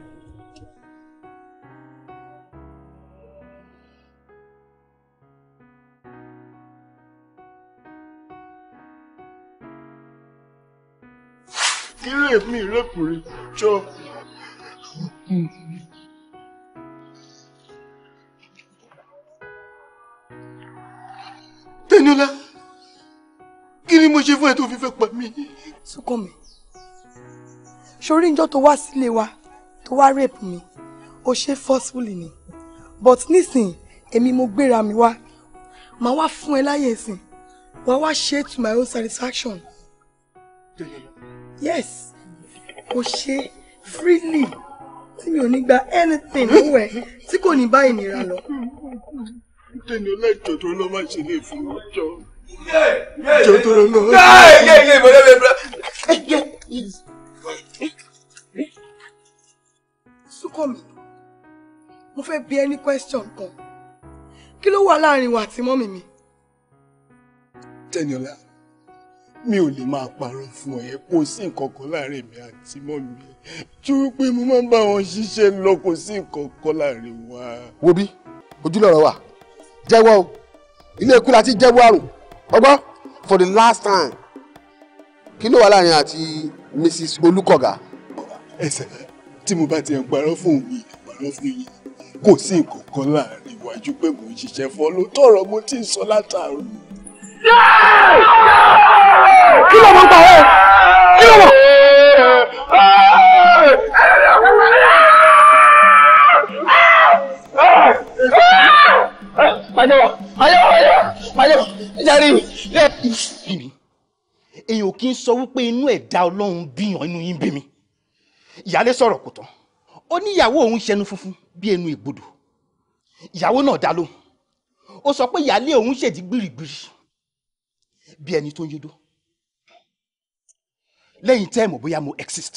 kílè mi lẹ́kùnrin jọ. Tẹnula ni mo ṣe fún ẹ tó fi fẹ́ pa mí. Súnkànmí ṣorí njọ́ tó wá sílé wa tó wá rape mi ó ṣe forcefully ni but nísìnyí èmi mo gbéra mi wá màá wá fún ẹ láyè ìsìn wàá wá ṣe to my own satisfaction. yes kò ṣe freely tí mi ò ní gba anything lọ́wọ́ ẹ tí kò ní bá ìnira lọ. tẹ̀lé ọlá ìjọ̀dọ̀ ọlọ́mọ ṣe lè fi wọ́n jọ tọrọ lọ. ilé ilé ìbọ̀lẹ́ bẹ bẹ. Súnkànmí mo fẹ́ bi ẹ́ ní question kan kí ló wà láàrin wa àti mọ́mì mi. Tẹ́niọlá mi ò lè máa parọ́ fún ẹ kò sí nǹkan kan láàrin mi àti mọ́mì mi ju pé mo máa ń bá wọn ṣiṣẹ́ lọ kò sí nǹkan kan láàrin wa. wo bí ojúlọ̀rọ̀ wa jẹ́wọ́ o ilé ikú la ti jẹ́wọ́ àrùn ọgbọ́ for the last time kí ló wà láàrin àti mrs Olukoga. ẹsẹ̀ tí mo bá tiẹ̀ ń parọ́ fún mi parọ́ fún yín kò sí nǹkan kan láàrin iwájú pé mò ń ṣiṣẹ́ fọ́ ló tọ̀rọ̀ mo ti ń sọ látàárọ̀. kí ló mọ̀ ń pa ẹ́ kí ló mọ̀. Mayo, mayo, mayo, mayo jàre bí mi èyàn ò kí ń sọ wípé inú ẹ̀dá ọlọ́run bíyàn inú yín bí mi ìyálé sọ̀rọ̀ kò tán ó ní ìyàwó òun ṣẹnu funfun bí ẹnu ìgbodò ìyàwó náà dá lóhùn ó sọ pé ìyálé òun ṣèdí gbìrìgbìrì bí ẹni tó ń yedó lẹ́yìn tẹ́ ẹ̀ mọ̀ bóyá mo exist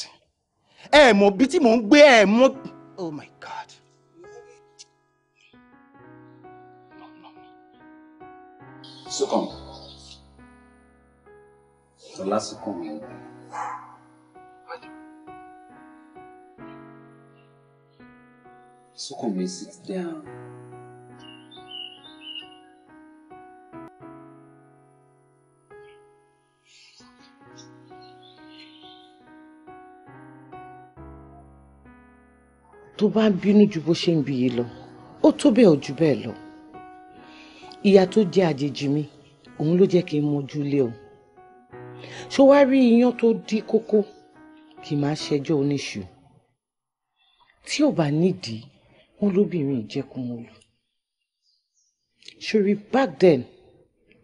ẹ̀ mọ̀ bí tí mò ń gbé ẹ̀ mọ̀ oh my god Sukun. Tọ́lá Sukun yẹn. Sukun sit down. tó bá ń bínú ju bó ṣe ń bí i lọ ó tó bẹ́ẹ̀ ò jù bẹ́ẹ̀ lọ ìyá tó jẹ àjèjì mi òun ló jẹ́ kí n mọjú lé o ṣó wá rí iyán tó dí kókó kì í máa ṣẹjọ́ oníṣù tí ò bá nídìí wọn lóbìnrin ìjẹkùnmọlù ṣòrí back then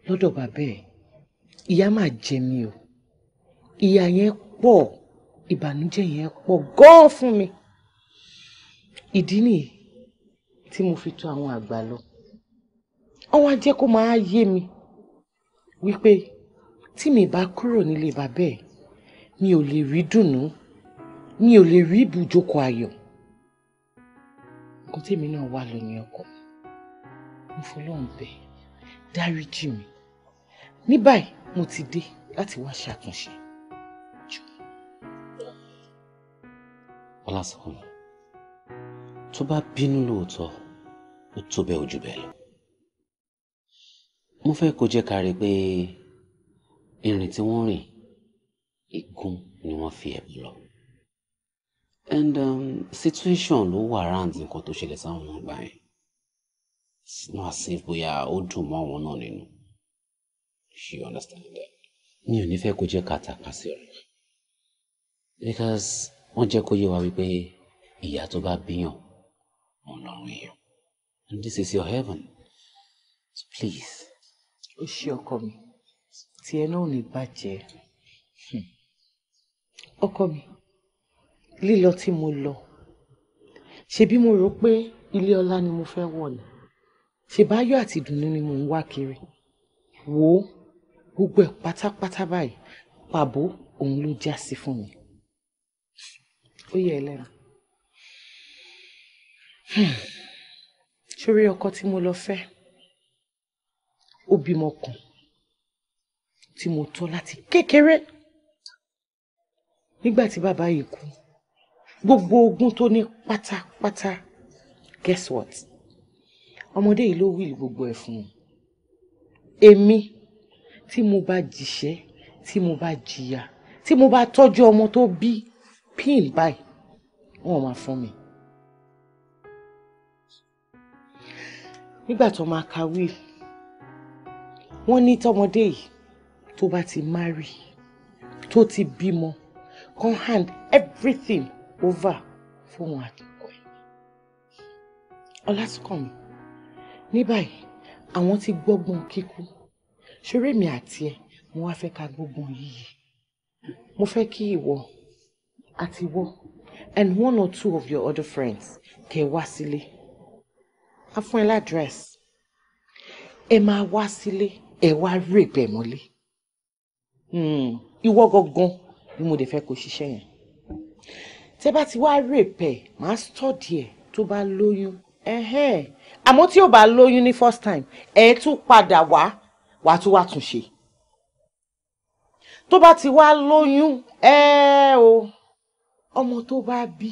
lọ́dọ̀ bàbá ẹ̀ ìyá máa jẹ mí o ìyá yẹn pọ̀ ìbànújẹ́ yẹn pọ̀ gan-an fún mi ìdí nìyí tí mo fi tó àwọn àgbà lọ wọ́n wá jẹ́ kó máa yé mi wípé tí mi bá kúrò nílé bàbá ẹ̀ mi ò lè rí dùnnú mi ò lè rí ibùjókòó ayọ̀ nǹkan tèmi náà wà lónìí ọkọ mo fọlọ́run bẹ̀ dáríjì mi ní báyìí mo ti dé láti wá ṣàtúnṣe. ọlásàn tó bá bínú lóòótọ́ ó tó bẹ́ẹ̀ ojú bẹ́ẹ̀ lọ mo fẹ́ kó jẹ́ ká rí i pé ìrìn tí wọ́n rìn igun ni wọ́n fi ẹ̀mí lọ and um, situation ló wà around nǹkan tó ṣẹlẹ̀ sáwọn ọgbà yẹn wọ́n á sí bóyá ó dùn mọ́ àwọn náà nínú she understand that mi ò ní fẹ́ kó jẹ́ ká tàpá sí rẹ̀ because wọ́n jẹ́ kó yé wa wípé ìyá tó bá bíyàn òun èèyàn and this is your heaven so please ó ṣe ọkọ mi tí ẹ náà ò ní bàjẹ́ hmm. ọkọ mi lílọ tí mo lọ ṣebí mo rò pé ilé ọlá ni mo fẹ́ wọ̀ ni ṣèbáyọ̀ àti ìdùnnú ni mò ń wá kiri wò gbogbo ẹ̀ pátápátá báyìí pàbó òun ló já sí fún mi ó yẹ ẹlẹ́nu sórí hmm. ọkọ tí mo lọ fẹ́ ó kan tí mo tọ́ láti kékeré nígbà tí bàbá yìí kú gbogbo ogún tó ní pátápátá guess what ọmọdé yìí ló wíìlì gbogbo ẹ̀ fún un èmi tí mo bá jìṣẹ́ tí mo bá jìyà tí mo bá tọ́jú ọmọ tó bí pin báyìí wọn ò máa fún mi. nígbà tó máa ka wíìlì wọ́n ní tọmọdé yìí tó bá ti marry tó ti bímọ can hand everything over fóun àtọkọ ẹ̀ ọlásùnkànmí ní báyìí àwọn ti gbọ́gbọ́n kíkú ṣeré mi àti ẹ̀ mo wá fẹ́ ká gbọ́gbọ́n yìí mo fẹ́ kí ìwọ àti ìwọ and one or two of your other friends kẹ́ wá sílé a fún ẹ ládírẹ́sì ẹ máa wá sílé ẹ wá rape ẹ mọ́lé hmm, ìwọ gangan ni mo dẹ̀ fẹ́ kó ṣiṣẹ́ yẹn tẹ bá ti wá rape ẹ máa study ẹ tó bá lóyún àmọ́ tí ò bá lóyún ní first time ẹ tún padà wá wàá tún wá tún ṣe tó bá ti wá lóyún ẹ o ọmọ tó bá bí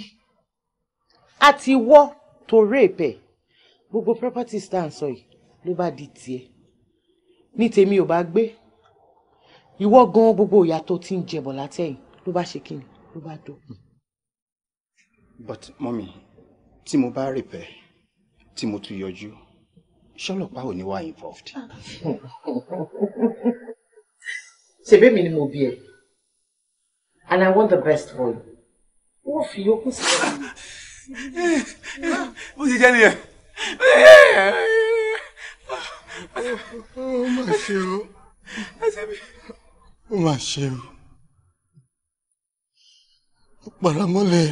àti wọ́ tó rape ẹ gbogbo properties tá à ń sọ yìí ló bá di tiẹ̀ ní tèmi ò bá gbé ìwọ gan gbogbo ìyà tó ti ń jẹbọ látẹ̀yìn ló bá ṣe kíni ló bá dópin. but mọ́mí tí mo bá repair tí mo tún yọjú ṣọlọ́pàá ò ní wá involved. ṣèbémi ni mo bí ẹ and I want the best for you wọ́n fi yókù sílẹ̀. bó ṣe jẹ́ nìyẹn. ó mà ṣe o ó mà ṣe o paramọ́lẹ̀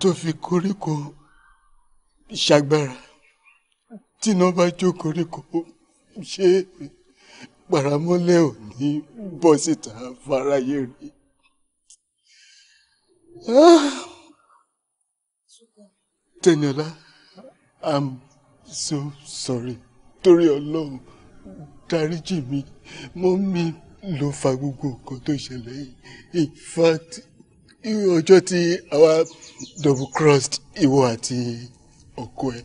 tó fi koríko ṣàgbára tíná bá jó koríko ṣé paramọ́lẹ̀ ò ní bọ́ síta fáráyé rí. Ah! Teniola, I'm so sorry torí ọlọ́run dáríjì mi mọ́ mi ló fa gbogbo nǹkan tó ṣẹlẹ̀ yìí in fact ọjọ́ tí àwa double crossed ìwọ àti ọkọ ẹ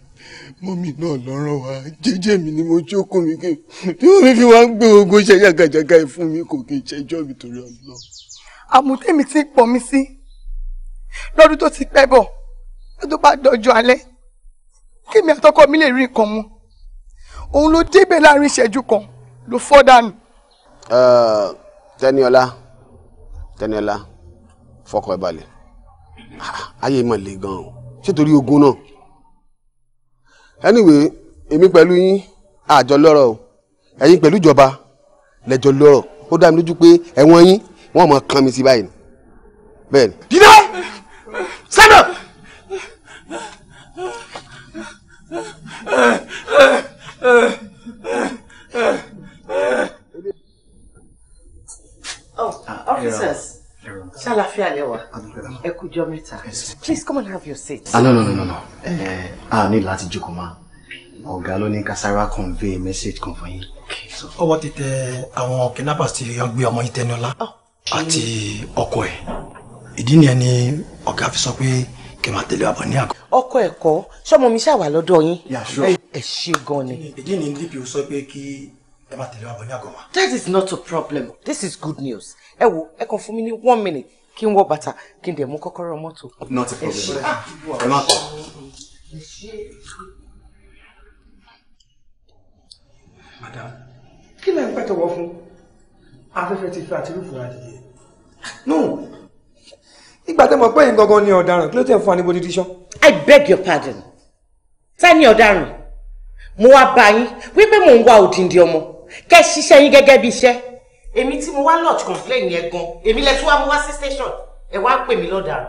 mọ́mì náà lọ́rọ̀ wá jẹ́jẹ́ mi ni mo jókòó mi kí wọ́n mi fi wá ń gbé ogo ṣe yàgàjàgà fún mi kò kí n ṣẹjọ́ mi torí ọlọ́. àmùtẹ́mi ti pọ̀ mi sí lọ́dún tó ti pẹ́ bọ̀ lọ́dún bá dọjọ́ alẹ́ kí mi àtọkọ mi lè rí nǹkan mu òun ló débẹ̀ láàrin ìṣẹ́jú kan ló fọ́ dànù. tẹniọlá tẹniọlá fọkọ ẹ balẹ̀ ayé mà le gan o ṣètòrí ogun náà anyway èmi pẹ̀lú yín àjọ lọ́rọ̀ o ẹ̀yin pẹ̀lú ìjọba lẹ́jọ́ lọ́rọ̀ ó dá mi lójú pé ẹ̀wọ̀n yín wọ́n mọ̀ kàn mí sí báyìí bẹ́ẹ̀ ni. dídá sẹ́nà. Oh, ah, Shall I lẹ you Ẹ kú jọ́ mẹ́ta. Please come and have your seat. Ah, no, no, no, no, no. Eh, a ní láti jókòó máa. Ọ̀gá ló ní Kasara convey message kan fún yín. what ti tẹ àwọn kidnappers tí wọ́n gbé ọmọ yìí Tẹ́niọlá oh. àti ọkọ ẹ̀. Ìdí nìyẹn ni ọ̀gá fi sọ kí n máa tẹ̀lé wa bọ̀ ní àgọ́. ọkọ ẹ̀kọ́ sọmọ mi ṣàwà lọ́dọ̀ yín ẹ ṣe gan ni. ìdí ni dp sọ pé kí ẹ máa tẹ̀lé wa bọ̀ ní àgọ́ wa. that is not a problem this is good news ẹ wo ẹ kàn fún mi ní one minute kí n wọ bàtà kí n dẹ̀ mú kọ́kọ́rọ́ mọ́tò. not a problem ẹ ah, má kọ. madam kí lẹ́yìn pẹ́tọ̀ wọ fún afẹ́fẹ́ ti fẹ́ àti adìyẹ. no nígbà tẹ́ mọ̀ pé yín gangan ni ọ̀daràn kí ló tẹ̀ fún anibodi díṣán. I beg your pardon ta ni ọ̀daràn mo wá bá yín wípé mò ń wá òdìndí ọmọ kẹ́ ẹ ṣiṣẹ́ yín gẹ́gẹ́ bí iṣẹ́ èmi tí mo wá lodge complain yẹn gan èmi lẹ tún wá mo wá sí station ẹ wá pè mí lọ́daràn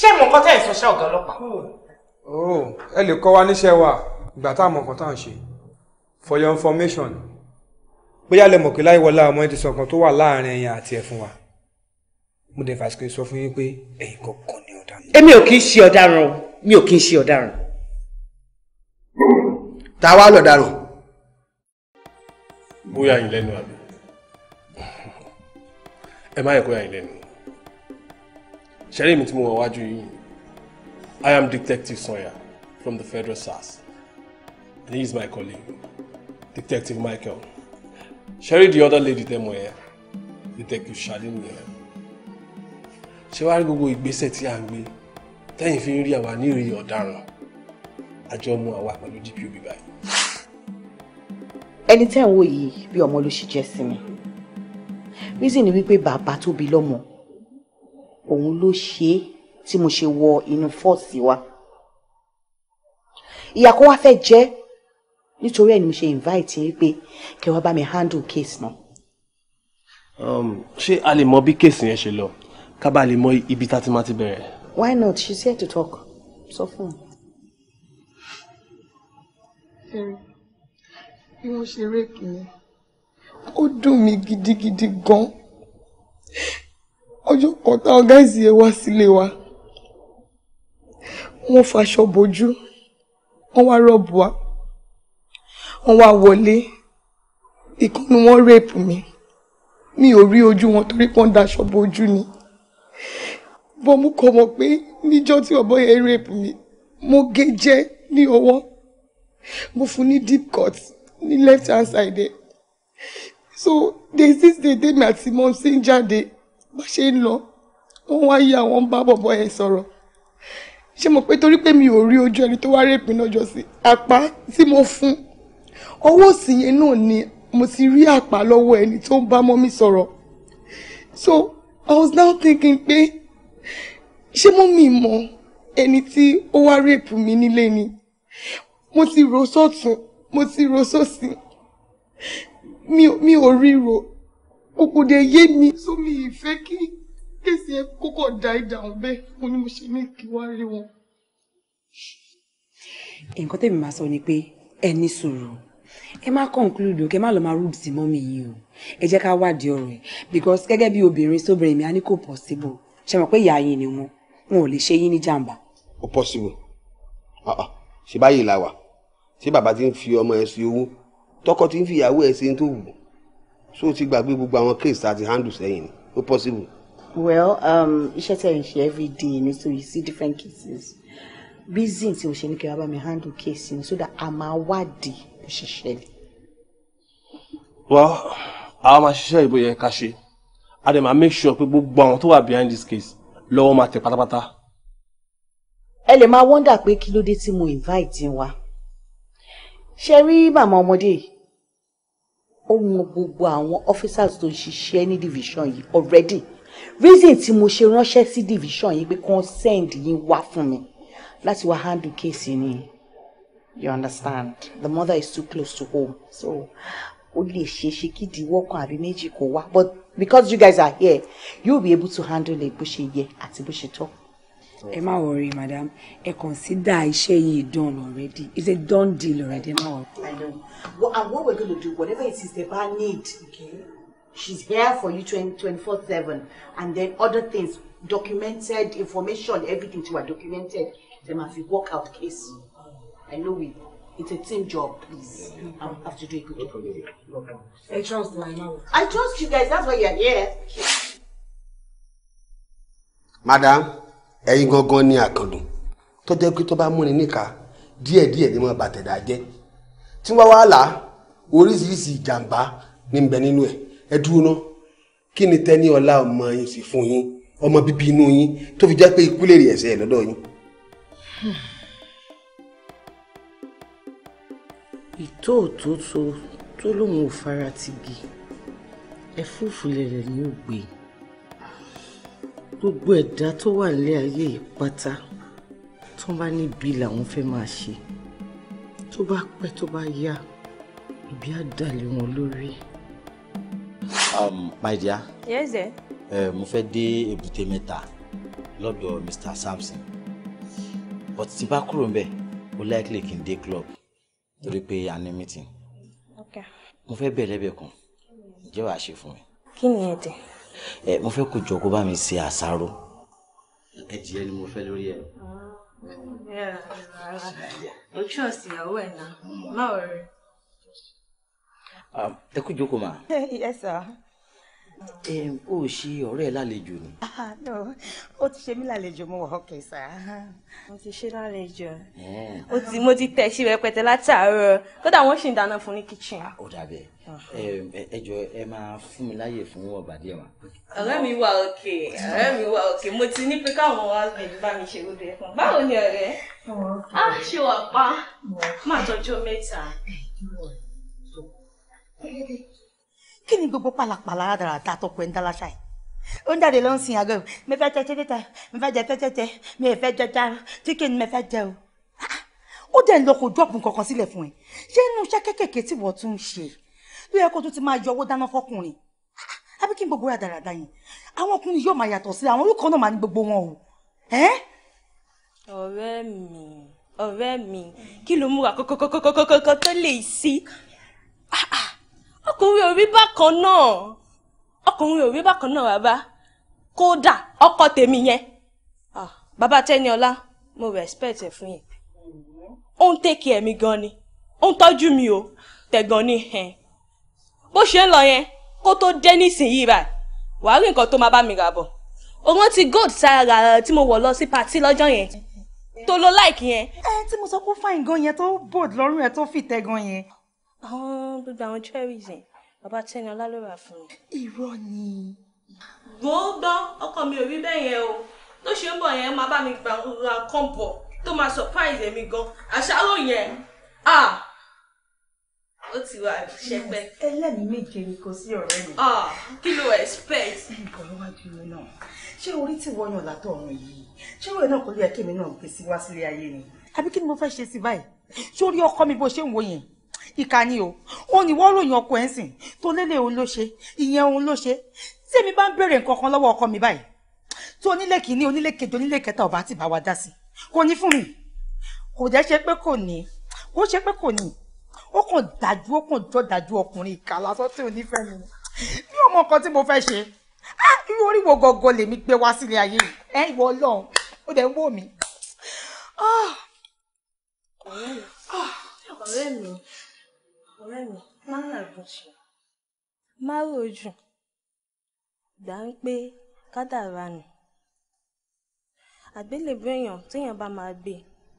ṣé mo nǹkan tẹ́ ẹ̀ sọ ọ̀gá ọlọ́pàá. Hmm. oh ẹ lè kọ́ wa níṣẹ́ wa ìgbà tá a mọ̀ nǹkan tá à ń ṣe for your information bóyá lẹ mọ̀ pé láìwọlá ọmọ ẹ ti sọ nǹkan tó wà láàrin ẹ̀yìn àti ẹ̀fún wa mo dẹ̀ fàṣíkò sọ fún yín pé ẹ̀yin kọ̀ọ̀kan ni ọ̀daràn. èmi ò kì í ṣe ọ̀daràn o mi ò kì í ṣe ọ̀daràn. ta wá lọ̀daràn. bóyá yín lẹ́nu àbí ẹ má yẹ kó yà yín lẹ́nu ṣẹ́rí mi tí mo wọ̀ wájú yìí I am Detective Sanya from the Federal SARS and he is my colleague Detective Michael ṣẹ́rí the other lady tẹ́ mọ̀ Detective Shalini ẹ̀ ṣé wàá rí gbogbo ìgbésẹ̀ tí à ń gbé tẹ́yìn fi ń rí àwa nírìí ọ̀daràn àjọ mú àwa pẹ̀lú DPO báyìí. ẹni tẹ́ ń wò yìí bí ọmọ ló ṣe jẹ́ sí mi reason ni wípé bàbá tó lọ́mọ òun ló ṣe é tí mo ṣe wọ inú fọ́ọ̀sì wa ìyà kó wá fẹ́ jẹ́ nítorí ẹ̀ ni mo ṣe invite yín pé kẹ́ wá bá mi handle case náà. Um, ṣé a lè mọ bí kéèsì yẹn ṣe lọ ká bàa lè mọ ibi tá ti máa ti bẹ̀rẹ̀. why not she's here to talk sọ fún un. bí wọ́n ṣe réèkì mi ó dùn mí gidigidi gan ọjọ́ kan táwọn gáìsì yẹn wá sílé wa wọ́n faṣọ bojú wọ́n wá rọ́ọ̀bù wa wọ́n wá wọlé ìkànnì wọn réèpù mi mi ò rí ojú wọn torí pé daṣọ bojú ni bọ́ mo kọ̀ mọ̀ pé níjọ́ tí ọ̀bọ yẹn rape mi mo gé jẹ́ ní ọwọ́ mo fún ní deep cut ní left hand side ẹ̀ so day six day tèmi àti mọ̀ọ́sí ń jáde bá ṣe ń lọ wọ́n wá yí àwọn bá bọ̀bọ̀ yẹn sọ̀rọ̀ ṣé mo pé torí pé mi ò rí ojú ẹni tó wá rape mi lọ́jọ́ sí àpá tí mo fún ọwọ́ òsì yẹn náà ni mo ti rí àpá lọ́wọ́ ẹni tó ń bá mọ́mí sọ̀rọ̀ so I was now thinking pé ṣé mọ́ mi mọ ẹni tí ó wá rèpù mi nílé ni mo ti rò sọ́tún mo ti rò sósì mi ò ríro òkùdé yé mi sómi ìfẹ́ kí kéèsì ẹ kókò dá ìdáhùn bẹ́ẹ̀ mo ní mo ṣe ní kí wá rí wọn. nǹkan tèmi máa sọ ni pé ẹ ní ẹ má conclude o kẹ má lọ máa rúbì sí mọ́mì yìí o ẹ jẹ́ ká wádìí ọ̀rọ̀ yìí because gẹ́gẹ́ bí obìnrin sóbìnrin mi a ní kò possible ṣe mọ̀ pé ìyá yín ni wọn wọn ò lè ṣe yín ní jàǹbá. ó possible ah, ah. ṣe báyìí la wà ṣé bàbá ti ń fi ọmọ ẹ sí owó tọkọ ti ń fi ìyàwó ẹ ṣe ń tó wù so ti gbàgbé gbogbo àwọn case tá a ti handle sẹ́yìn ni ó possible. well um, iṣẹ́ tẹ̀ ń ṣe every day ni so you see different cases reason tí o ṣe ni kí wàá bá mi handle case ni so that a máa wádìí bó ṣe ṣẹlẹ̀. well àwa máa ṣiṣẹ́ ìbò yẹn ká ṣe a dẹ̀ máa make sure pé gbogbo àwọn tó wà behind this case lọ́wọ́ máa tẹ̀ pátápátá. ẹ lè máa wonder pé kí ló dé tí mo invite wa ṣe rí màmá ọmọdé ó mọ gbogbo àwọn officers tó ń ṣiṣẹ́ ní division yìí already reason tí mo ṣe ránṣẹ́ sí division yìí pé kàn send yín wá fún mi láti wá handle case ni you understand the mother is too close to home so ó lè ṣe é ṣe kí ìdíwọ́ kan àbí méjì kó wá but because you guys are here you will be able to handle it bó ṣe yẹ àti bó ṣe tọ́. ẹ má worry madam ẹ consider iṣẹ́ yìí done already it's a done deal already ẹ má worry. i know well, and what we're gonna do whatever it is the bar need okay? she's here for you twenty-four seven and then other things documented information everything to her documented then ma fi work out case i know we. It's a team job, please. Yeah, yeah. Um, I have to do a good job. I trust my mom. I trust you guys. That's why you're here. Madam, ẹ̀yin gangan ni àkàndùn tó jẹ́ pé tó bá múni níka díẹ̀díẹ̀ ni wọ́n bà tẹ̀dá jẹ́ tí wọ́n wá là oríṣiríṣi ìjàmbá ní bẹ nínú ẹ̀ ẹ dúró ná kí ni tẹ́ ní ọlá ọmọ yín sì fún yín ọmọ bíbí inú yín tó fi jẹ́ pé ikú lè rí ẹ̀sẹ̀ lọ́dọ̀ yín. Hmm. ìtó tó lóun ò fara ti gi ẹ̀fúùfù lẹ̀lẹ̀ ní ògbè gbogbo ẹ̀dá tó wà nílé ayé yìí pátá tó bá níbi làwọn fẹ́ máa ṣe tó bá pẹ́ tó bá yá ìbí á dàlẹ̀ wọn lórí. Um, my dear. yes sir. Uh, mo fẹ́ dé èbúté mẹ́ta lọ́dọ̀ mr samson but tí bá kúrò ń bẹ̀ ó likely kí n dé club torí pé a ní meeting. mo fẹ́ bẹ̀rẹ̀ bẹ̀ kan jẹ́ wàá ṣe fún mi. kí ni ẹ̀dẹ̀. ẹ mo fẹ́ kó jọ kó bá mi ṣe àṣàrò ẹ̀jẹ̀ ni mo fẹ́ lórí ẹ̀. Ah, ojú ọ̀sìn ìyàwó ẹ̀ náà má ò rí. Ah, ẹ kú jókòó mà. yes sir ó ṣe ọ̀rẹ́ lálejò ni. Ah, ah, ó ti ṣe mí lálejò mo wà ọkẹ sá. mo ti ṣe lálejò ó ti mo ti tẹ̀ sí rẹpẹtẹ látàárọ̀ kódà wọ́n sì ń dáná fún ní kíchìn. Ah, ó dàbẹ̀ ẹ jọ ẹ máa fún mi láyè fún ọba díẹ̀ mà. ọ̀rẹ́ mi wà òkè ọ̀rẹ́ mi wà òkè mo ti ní pé káwọn wá bá mi ṣe lóde ẹ̀fọn báwo ni ọ̀rẹ́ á ṣe wà pa má tọjọ́ mẹ́ta kí ni gbogbo pàlàpàlà rádaràda tó pẹ́ ń dáláṣà yìí ó ń jáde ló ń sin àgọ́ mi fẹ́ jẹ tẹ́tẹ́tẹ́ mi fẹ́ jẹ tẹ́tẹ́tẹ́ mi fẹ́ jẹ jára chicken mi fẹ́ jẹ o ah, ó dẹ̀ ń lọ kó drop nǹkankan sílẹ̀ fún ẹ ṣé inú iṣẹ́ kéékèèké tí wọ́n tún ń ṣe ló yẹ kó tún ti máa yọ owó dáná fọkùnrin ah, àbí kí n gbogbo rádaràda yẹn àwọn ọkùnrin yóò máa yàtọ̀ sí àwọn orúkọ náà máa ní gbogbo wọn o. ọ̀rẹ́ mi ọ̀rẹ́ mi kí ló múra kọ́kọ́kọ́kọ́kọ́ tó lè sí. Ah, ọkùnrin ò rí bákan náà ọkùnrin ò rí bákan náà bàbá kódà ọkọ tèmi yẹn ah, bàbá Tẹ́niọlá mo respect ẹ fún yẹn ó ń tèkì ẹ̀mí gan ni ó ń tọ́jú mi o tẹ̀gàn ni bó ṣe ń lọ yẹn kó tó dé nísìnyí báyìí wàá rí nǹkan tó máa bá mi rà bọ̀ òun ti gold sára tí mo wọ̀ lọ sí pàtí lọ́jọ́ yẹn tó lọ láìkì yẹn. ẹ tí mo sọ pé fine gan yẹn tó bold lọ́rùn ẹ tó fìtẹ́ gan yẹn àwọn gbogbo àwọn cherries yẹn bàbá tẹni ọlá ló rà fún mi. irọ́ ni. wò ó gbọ́ ọkọ mi ò rí bẹ́ẹ̀ yẹn o ló ṣe ń bọ̀ yẹn máa bá mi gbà ra kọ́ńpọ̀ tó máa surprise èmi gan àṣàrò yẹn ah ó ti wà ṣẹpẹ. ẹlẹ́mìí méje ni kò sí ọ̀rẹ́ mi. kí ló expect. ìbọn ló wá ju ìwé náà ṣé orí tí wọ́n yàn látọ̀ ọ̀run yìí ṣé ìwé náà kò lè kí èmi náà gbèsè wá sílé ayé ni. àbí kí ni mo fẹ́ ṣe sí báyìí sórí ọkọ mi bó ṣe ń wo yẹn ìka ni o ó ní wọ́n ròyìn ọkọ ẹ̀ ń sìn tó lélẹ̀ òun ló ṣe ìyẹn òun ló ṣe tí èmi bá ń béèrè nǹkan kan lọ́wọ́ ọkọ mi báyìí tó onílé kìíní onílé kejì onílé kẹta ọba àti ìbáwá dá sí kò ní fún mi kò dẹ́ ṣe pé kò ní kò ṣe pé kò ní ó kàn dájú ó kàn jọ dájú ọkùnrin ìka lásán tí onífẹ́ mi bí ọmọ kan tí mo fẹ́ ṣe irú orí wo gọ́gọ́ lèmi gbé wá sílé ayé ẹ ìwọ ọlọ́run ó dẹ̀ ń wò mí. Ah. ọ̀rẹ́ mi ọ̀rẹ́ mi ọ̀rẹ́ mi má làágùn mm. ṣe má rojù gbà ń pé kádàrá nù àgbélébú èèyàn téèyàn bá máa gbé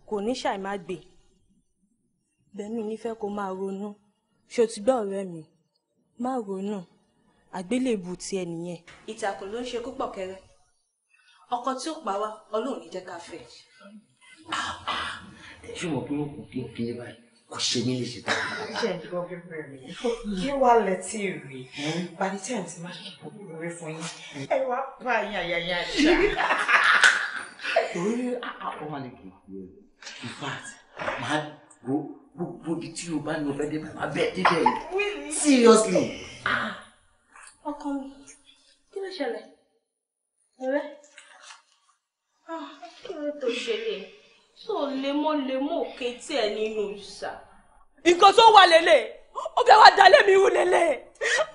kò ní ṣàì má gbé bẹ́ẹ̀ni nífẹ̀ẹ́ kó máa ronú ṣó ti gbọ́ ọ̀rẹ́ mi má ronú àgbélébú tiẹ̀ nìyẹn. ìtàkùn ló ń ṣe púpọ̀ kẹrẹ ọkọ tí ó pa wá ọlọ́run ní jẹ́ ká fẹ́. ṣé mo pé ó kù kí n kiri báyìí kò ṣe mí léṣe tó. ṣe ń gbọ́ bíbí rẹ̀ kí wá lẹ́tí rè by the time ti máa ṣe òwe fún yín ẹ wá bá yín àyàyà ṣá. torí àwọn ọmọ nìkan in fact máa ro gbogbo ibi tí o bá ní o fẹ́ dé bàbá bẹ́ẹ̀ yìí seriously. Ah, ọkọ mi kí ló ṣẹlẹ̀ ẹ̀rẹ́ ah, kí ló tó ṣe lè so lemọ́lemọ́ òkè tí ẹ nínú ìṣà. nǹkan tó wà lélẹ̀ ó fẹ́ wá dalẹ̀ mi wù lélẹ̀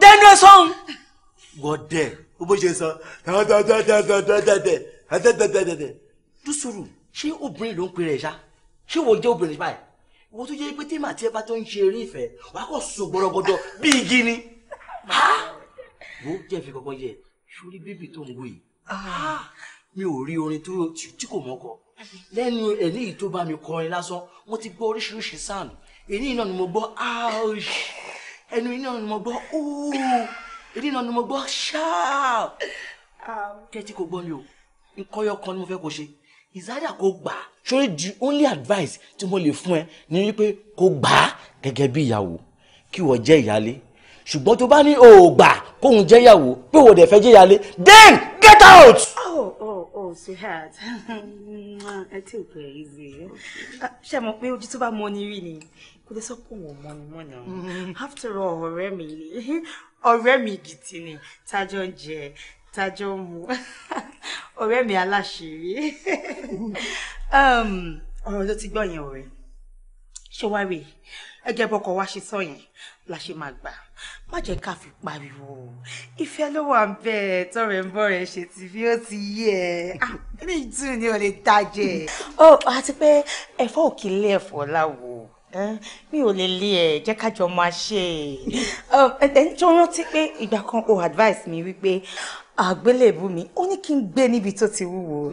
dẹnu ẹ sọ́hun. gbọ́dẹ̀ bó bó ṣe sọ dúsùrù ṣé obìnrin ló ń pè rẹ̀ ṣá ṣé wo jẹ́ obìnrin báyìí wo tó jẹ́ pé tí màtí ẹ bá tó ń ṣe eré ìfẹ́ wàá kò so gbọdọgbọdọ bí igi ni wo jẹ́ fi kọ́kọ́ yẹ sórí bíbí tó ń wò yìí mi ò rí orin tí kò mọ́kọ́ lẹ́nu eléyìí tó bá mi kọrin lásán mo ti gbọ́ oríṣiríṣi sound èyí náà ni mo gbọ́ ouch ẹnu yìí náà ni mo gbọ́ ooo èyí náà ni mo gbọ́ ṣáà tẹ́tí kò gbọ́ mi o nǹkan yọ kan ni mo fẹ́ kó ṣe ìsáyà kò gbà á sórí the only advice tí mo lè fún ẹ ni wípé kò gbà á gẹ́gẹ́ bí ìyàwó kí wọ́n jẹ́ ìyálé ṣùgbọ́n tó bá ní òògbà kóun jẹ́ ìyàwó pé òun fẹ́ jẹ́ ìyálé then get out. Oh, sweetheart, ẹ tí ò pẹ́ easy. Ah, ṣé mo pé ojú tó bá mọ ni rí ni? Kò lè sọ pé òun ò mọ ni mọ́ náà. Mm-hmm. After all, ọ̀rẹ́ mi ọ̀rẹ́ mi gidi ni tájọ́ ń jẹ tájọ́ ń mu ọ̀rẹ́ mi aláṣìírí. Um, ọ̀rọ̀ ló ti gbọ́ yẹn ọ̀rẹ́. Ṣé wá rèé? Ẹgẹ́ bọ́kọ̀ wá ṣe sọ yẹn la ṣe máa gbà má jẹ́ ká fi pariwo ìfẹ́ ló wà ń bẹ tọrẹ ń bọ̀ rẹ ṣe ti bí ó ti yé ah, ẹ mi dùn ni ò lè tajẹ. ó àti pé ẹ̀fọ́ ò kí lé ẹ̀fọ́ láwo mi ò lè lé ẹ jẹ́ ká jọ máa ṣe é ẹni tó rántí pé ìgbà kan o advice mi wípé àgbélébù mi ó ní kí n gbé níbi tó ti wúwo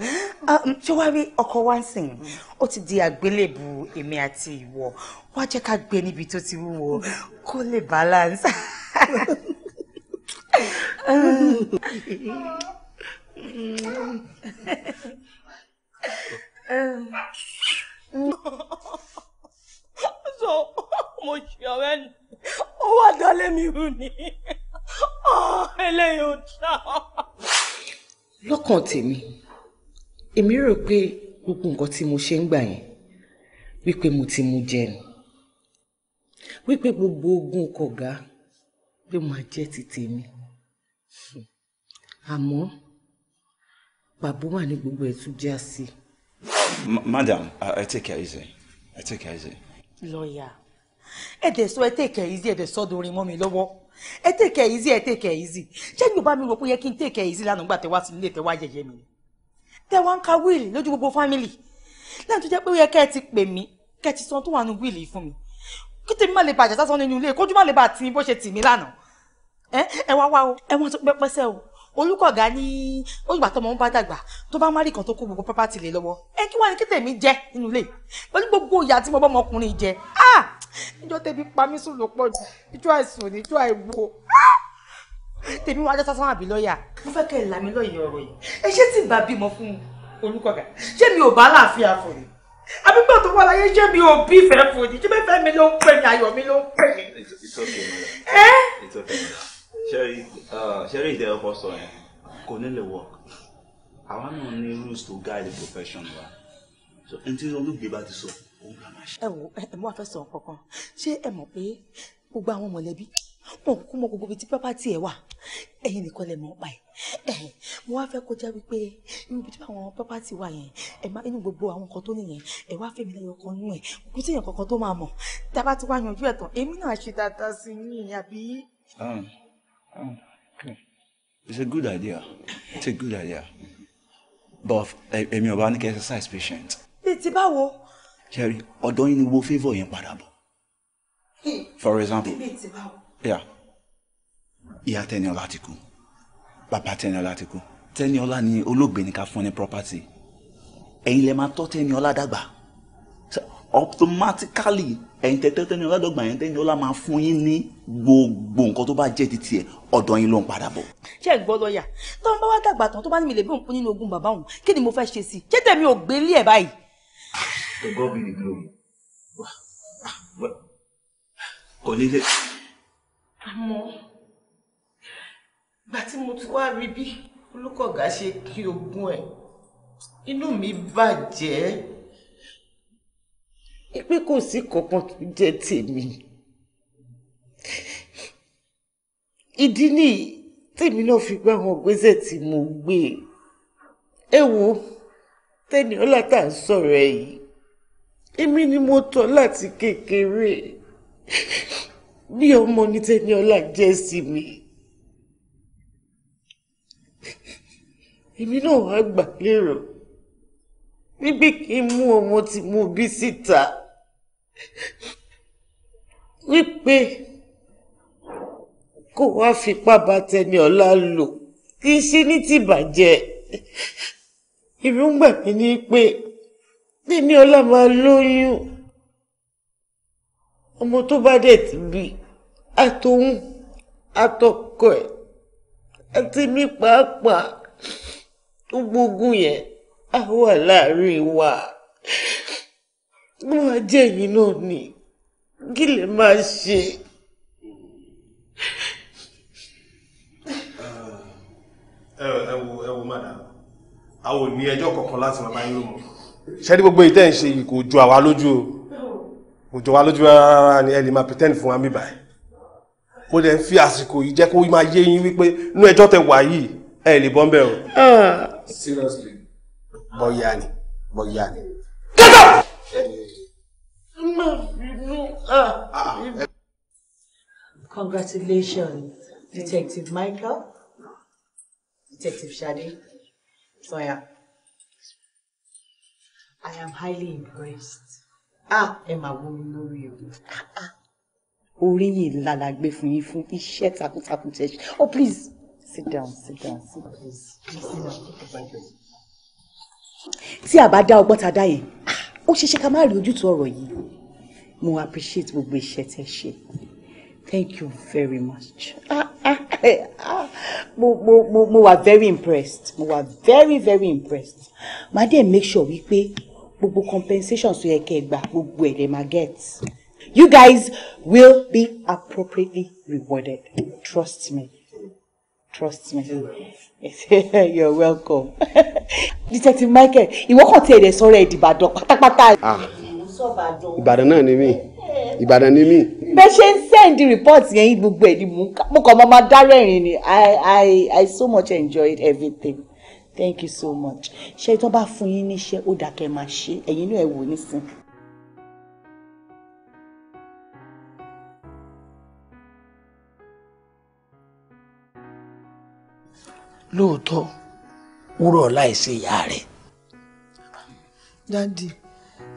ṣé wàá rí ọkọ wá ń sìn ó ti di àgbélébù èmi àti ìwọ wá jẹ́ ká gbé níbi tó ti wúwo kó lè balance so mo ṣe ọ̀rẹ́ ni ó wà dálé mi rú ni eléyìí ò dá. lọ́kàn tèmi èmi rò pé gbogbo nǹkan tí mo ṣe ń gbà yẹn wípé mo ti mu jẹ ni wípé gbogbo ogun kọ̀gá pé mo jẹ́ ti tèmi hmm. àmọ́ pàbó wà ní gbogbo ẹ̀tún já sí. madam I, uh, I take it easy I take it easy. lọ́ọ̀yà ẹ dẹ̀ sọ ẹ take it easy ẹ dẹ̀ sọ dorin mọ́ mi lọ́wọ́ ẹ take it easy ẹ take it easy ṣé yóò mi rò pé yẹ kí n take it easy lánàá gbà tẹ́wá sí ilé tẹ́wá yẹ̀yẹ́ mi tẹ́wá ń ka wíìlì lójú gbogbo fámìlì lẹ́yìn tó jẹ́ pé ó yẹ kẹ́ ẹ ti pè mí kẹ́ ẹ ti sọ tó wà nù wíìlì fún mi kí tèmi má lè bàjẹ́ sásán nínú ilé kójú má lè bà tí bó ṣe tì mí lánàá ẹ wá wá o ẹ wọ́n tó pẹ́pẹ́sẹ́ o olùkọ̀gá ní òyìnbá tọmọ ń bá dàgbà tó bá márì kan tó kó gbogbo pápátì lè lọ́wọ́ ẹ kí wàá ní kí tèmi jẹ nínú ilé pẹ̀lú gbogbo ìyá tí mo bá ọmọkùnrin jẹ ìjọ tèmi pa mí sùn ló pọ̀ jù ìjọ àìsàn ní ìjọ àìwo tèmi wá jẹ́ sásán àbí lọ́ọ̀yà. mo fẹ́ kẹ́ ẹ̀ lámi lọ́ọ̀yà ọ̀rọ̀ yìí ẹ ṣé tí ì bá bímọ fún olùkọ̀gá ṣé mi ò bá láàfin àfọ̀rẹ́ àbígbà tó wà láyé ṣé mi ò bí fún ni ṣé fẹ́ mi ló ń pè mí ayọ̀ mi ló ń pè mí. it's okay mother. madam it's okay mother. sherry uh, sherry ìdẹ ọkọ sọ yẹn kò ní lè work àwa náà ní rules to guide the profession wa so n tí olùgbé bá ti sọ òun là máa ṣe. ẹ wo ẹ mú àfẹsọ̀ kankan ṣé ẹ mọ̀ pé gbogbo àwọn mọ̀lẹ́bí wọn kò mọ gbogbo ibi tí property ẹ wà ẹ̀yin nìkan lè mọ̀ pa ẹ mo wá fẹ́ kọjá wípé ibi tí àwọn property wà yẹn ẹ má inú gbogbo àwọn nǹkan tó nìyẹn ẹ wá fẹmi lẹ́yìn ọkọ nínú ẹ kò tí èèyàn kankan tó máa mọ̀ tá a bá ti wá yanjú ẹ tán èmi náà ṣe dáadáa sí i yín àbí. Um, um, it's a good idea it's a good idea but èmi ò bá ní kí exercise patient. bíi ti báwo. ṣe rí ọ̀dọ́ yín ni wo favour yẹn padà bọ̀ for example. bíi ti báwo. Yeah. Ìyá Tẹ́niọlá ti kú. Bàbá Tẹ́niọlá ti kú. Tẹ́niọlá ni olóògbé ní ká fún ní property. Ẹ̀yin lè máa tọ́ Tẹ́niọlá dàgbà. Automatically ẹ̀yin tẹ́tẹ́ Tẹ́niọlá dàgbà yẹn Tẹ́niọlá máa fún yín ní gbogbo nǹkan tó bá jẹ́ ti tiẹ̀ ọ̀dọ̀ yín ló ń padà bọ̀. Ṣé ẹ gbọ́ lọ́ọ̀yà? Tó ń bá wá dàgbà tán tó bá ní mi lè bí òun kú nínú ogún bàbá òun kí ni mo fẹ́ ṣe sí? Ṣé tèmi ò gbélé ẹ̀ báyìí? Ah, to God be the glory. Ah, àmọ́ ìgbà tí mo ti wá rí bí olùkọ̀gá ṣe kí ogún ẹ̀ inú mi bàjẹ́ pé kò sí kankan tó jẹ́ tèmi ìdí nìyí tèmi náà fi gbé àwọn ìgbésẹ̀ tí mo gbé ẹ wo tẹni ọlátà ń sọ̀rọ̀ ẹ̀ yìí èmi ni mo tọ́ láti kékeré bí ọmọ ní Tẹniọlá jẹ́ sí mi èmi náà wàá gbà lérò wípé kí n mú ọmọ tí mo bí síta wípé kó wá fipá bá Tẹniọlá lò kì í ṣe ní tìbàjẹ́ èròǹgbà mi ni pé Tẹniọlá máa lóyún ọmọ tó bá dẹ̀ ti bí àtòun àtọkọ ẹ̀ àti mi pàápàá tó gbógun yẹn á wà láàrin wa wọ́n á jẹ́ ẹ̀yin náà ni kí lè máa ṣe. ẹ wo ẹ wo madam a ò ní ẹjọ́ kankan láti máa bá yín lò mọ́. ṣé ní gbogbo ìtẹ́ ń ṣe yìí kò ju àwa lójú o kò jọ lójú rárá ni ẹ máa pretend fún wa mi báyìí mo dẹ̀ fi àsìkò yìí jẹ́ kó máa yé yín wípé inú ẹjọ́ tẹ wà yìí ẹ lè bọ́ ń o. seriously. bọ́yá ni bọ́yá ni. kẹ́tọ̀. Congratulations, Detective Michael, Detective Shadi. Soya. I am highly impressed. Ah, ẹ máa wọ mi lórí o. oríyìn ńlá la gbé fún yín fún iṣẹ́ takuntakun tẹ̀ ṣe oh please sit down sit down sit please please sit down. tí a bá dá ọgbọ́n ta dá yẹn ó ṣeéṣe ká má rí ojútùú ọ̀rọ̀ yìí mo appreciate gbogbo iṣẹ́ tẹ̀ ṣe thank you very much. Ah, ah, ah, mo mo mo mo wa very impressed mo wa very very impressed màá dẹ̀ make sure wípé gbogbo compensation tó yẹ kẹ́ ẹ gbà gbogbo ẹ̀ lè máa get. You guys will be appropriately rewarded. Trust me. Trust me. Yes. You're welcome. Detective Michael, ìwọ kàn tí èdè sọ̀rọ̀ ẹ̀ dìbàdàn pátápátá. Ah, Ìbàdàn náà ni mí. Ìbàdàn ni mí. Bẹ́ẹ̀ ṣe ń send report yẹn gbogbo ẹ̀ ni mo kàn máa dá rẹ́rìn ni. I I I so much enjoyed everything thank you so much ṣé tí wọ́n bá fún yín níṣẹ́ ó dà kẹ́ máa ṣe ẹ̀yin náà ẹ wò nísìn. lóòótọ́ wúrọ̀ láìsí ìyá rẹ̀. dádì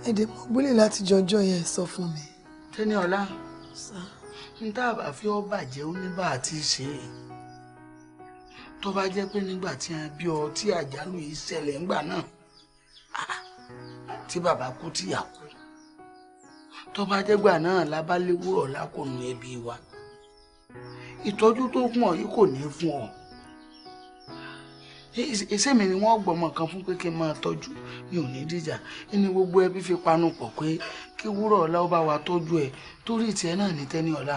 èdè mo gbélé láti jọjọ́ yẹn sọ fún mi. tẹ́ni ọ̀la n tá a bá fi ọ́ bàjẹ́ ó ní bá a ti ṣe é tó bá jẹ́ pé nígbà tí a bí ọ tí àjálù yìí ṣẹlẹ̀ ńgbà náà ah, tí bàbá kú tíyà kú tó bá jẹ́ gbà náà la bá léwúrọ̀ lákòónú ẹbí wa ìtọ́jú tó kún ọ yìí kò ní fún ọ ẹsẹ̀ mi ni wọ́n gbọ́mọ kan fún pé kí n máa tọ́jú mi ò ní dìjà ẹni gbogbo ẹbí fi panu pọ̀ pé kí wúrọ̀ ọ̀la ó bá wa tọ́jú ẹ torí ìtìẹ náà ní tẹ́ni ọ̀la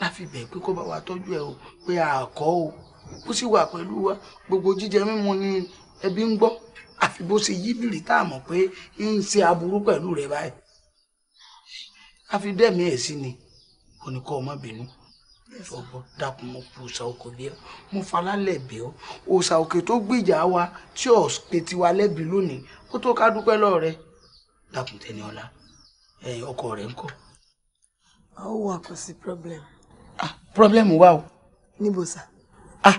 láfi bẹ̀ pé kó bá wa tọ́jú ẹ o pé àkọ́ o ó sì wà pẹ̀lú wa gbogbo jíjẹ mímu ni ẹbí ń gbọ́ àfi bó ṣe yí bìrì tá a mọ̀ pé ń ṣe aburú pẹ̀lú rẹ̀ báyìí àfi dẹ́mi ẹ̀ sí ni kò ní kọ́ ọmọ bínú ọgbọ dàpọ̀ mo pu òòṣà òkè bí ọ mo falálẹ̀ bí ọ òòṣà òkè tó gbìjà wa tí ò pé tiwa lẹ́bi lónìí ó tó ká dúpẹ́ lọ́ọ́ rẹ dàpọ̀ tẹni ọ̀la ọkọ rẹ̀ ń kọ́. ó wà kò sí problem. ah problem wà o. níbo sà ah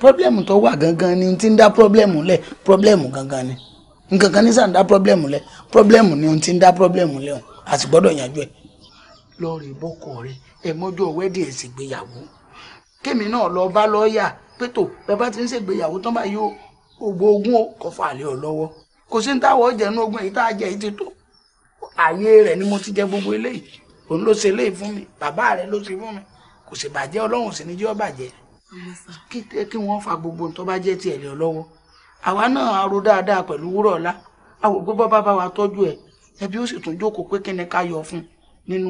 pọ́blẹ́mù tó wà gangan ni ti ń dá pọ́blẹ́mù lẹ̀ pọ́blẹ́mù gangan ni nǹkan kan ní sàn dá pọ́blẹ́mù lẹ̀ pọ́blẹ́mù ni ti ń dá pọ́blẹ́mù lẹ̀ hàn a sì gbọ́dọ̀ yanjú ẹ̀. lọ́ọ̀rì bọ́kọ̀ rẹ ẹ mọ́jú ọ̀wẹ́dì ẹ̀ sì gbéyàwó kémi náà lọ bá lọ́ọ̀yà pétò bàbá ti ń ṣègbéyàwó tán bá yóò ògbó ogún ó kọ́ fàlẹ́ ọ lọ́wọ́ kò sí ní táwọn ọ̀jẹ̀ inú ogún èyí tá a jẹ èyí ti tó ààyè rẹ̀ ni mo ti jẹ gbogbo eléyìí òun ló ṣe eléyìí fún mi bàbá rẹ̀ ló ṣe fún mi kò sì bàjẹ́ ọlọ́run sì ní jẹ́ ọ bàjẹ́ kí wọ́n fa gbogbo nǹkan bá jẹ́ tiẹ̀ lé ọ lọ́wọ́ àwa náà aró dáadáa pẹ̀lú wúrọ̀ ọ̀la àwọn gbogbo bá bá wa tọ́jú ẹ̀ ẹbí ó sì tún jókòó pé kíni ká yọ fún nínú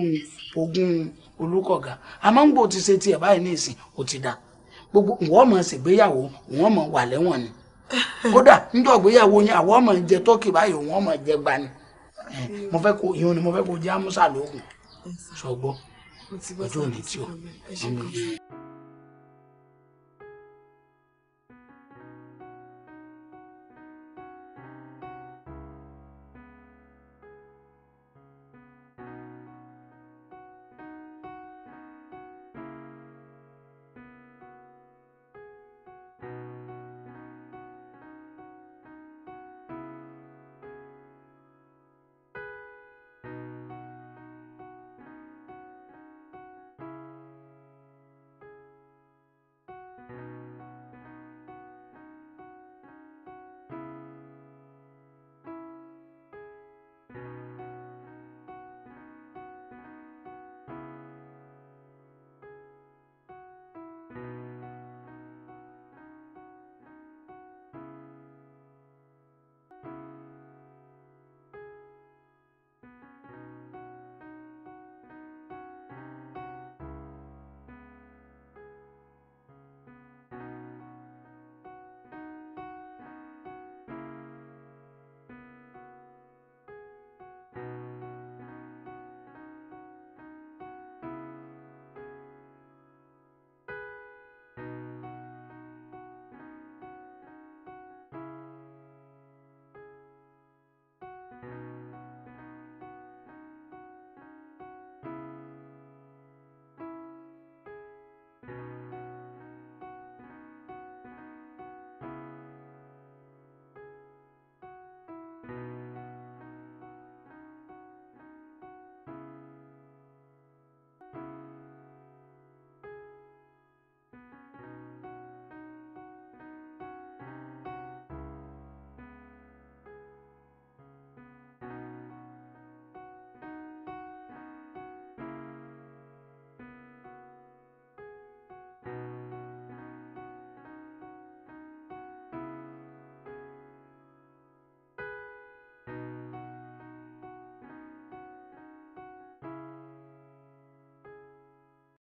ogún olúkọ̀gá àmọ́ ń gbò ti ṣe tiẹ̀ báyìí ní ìsìn ò ti dà gbogbo wọ́n mọ̀ ṣègbéyàwó wọ́n mọ̀ wà lẹ́wọ̀n ni kódà níjọ́ ìgbéyàwó yẹn àwọn ọmọ jẹ tọ́kì báyìí wọ́n mọ̀ jẹ gbani mo fẹ́ kó ìhun ni mo fẹ́ kó jẹ́ àmúṣà lóògùn ọjọ́ òní tí o.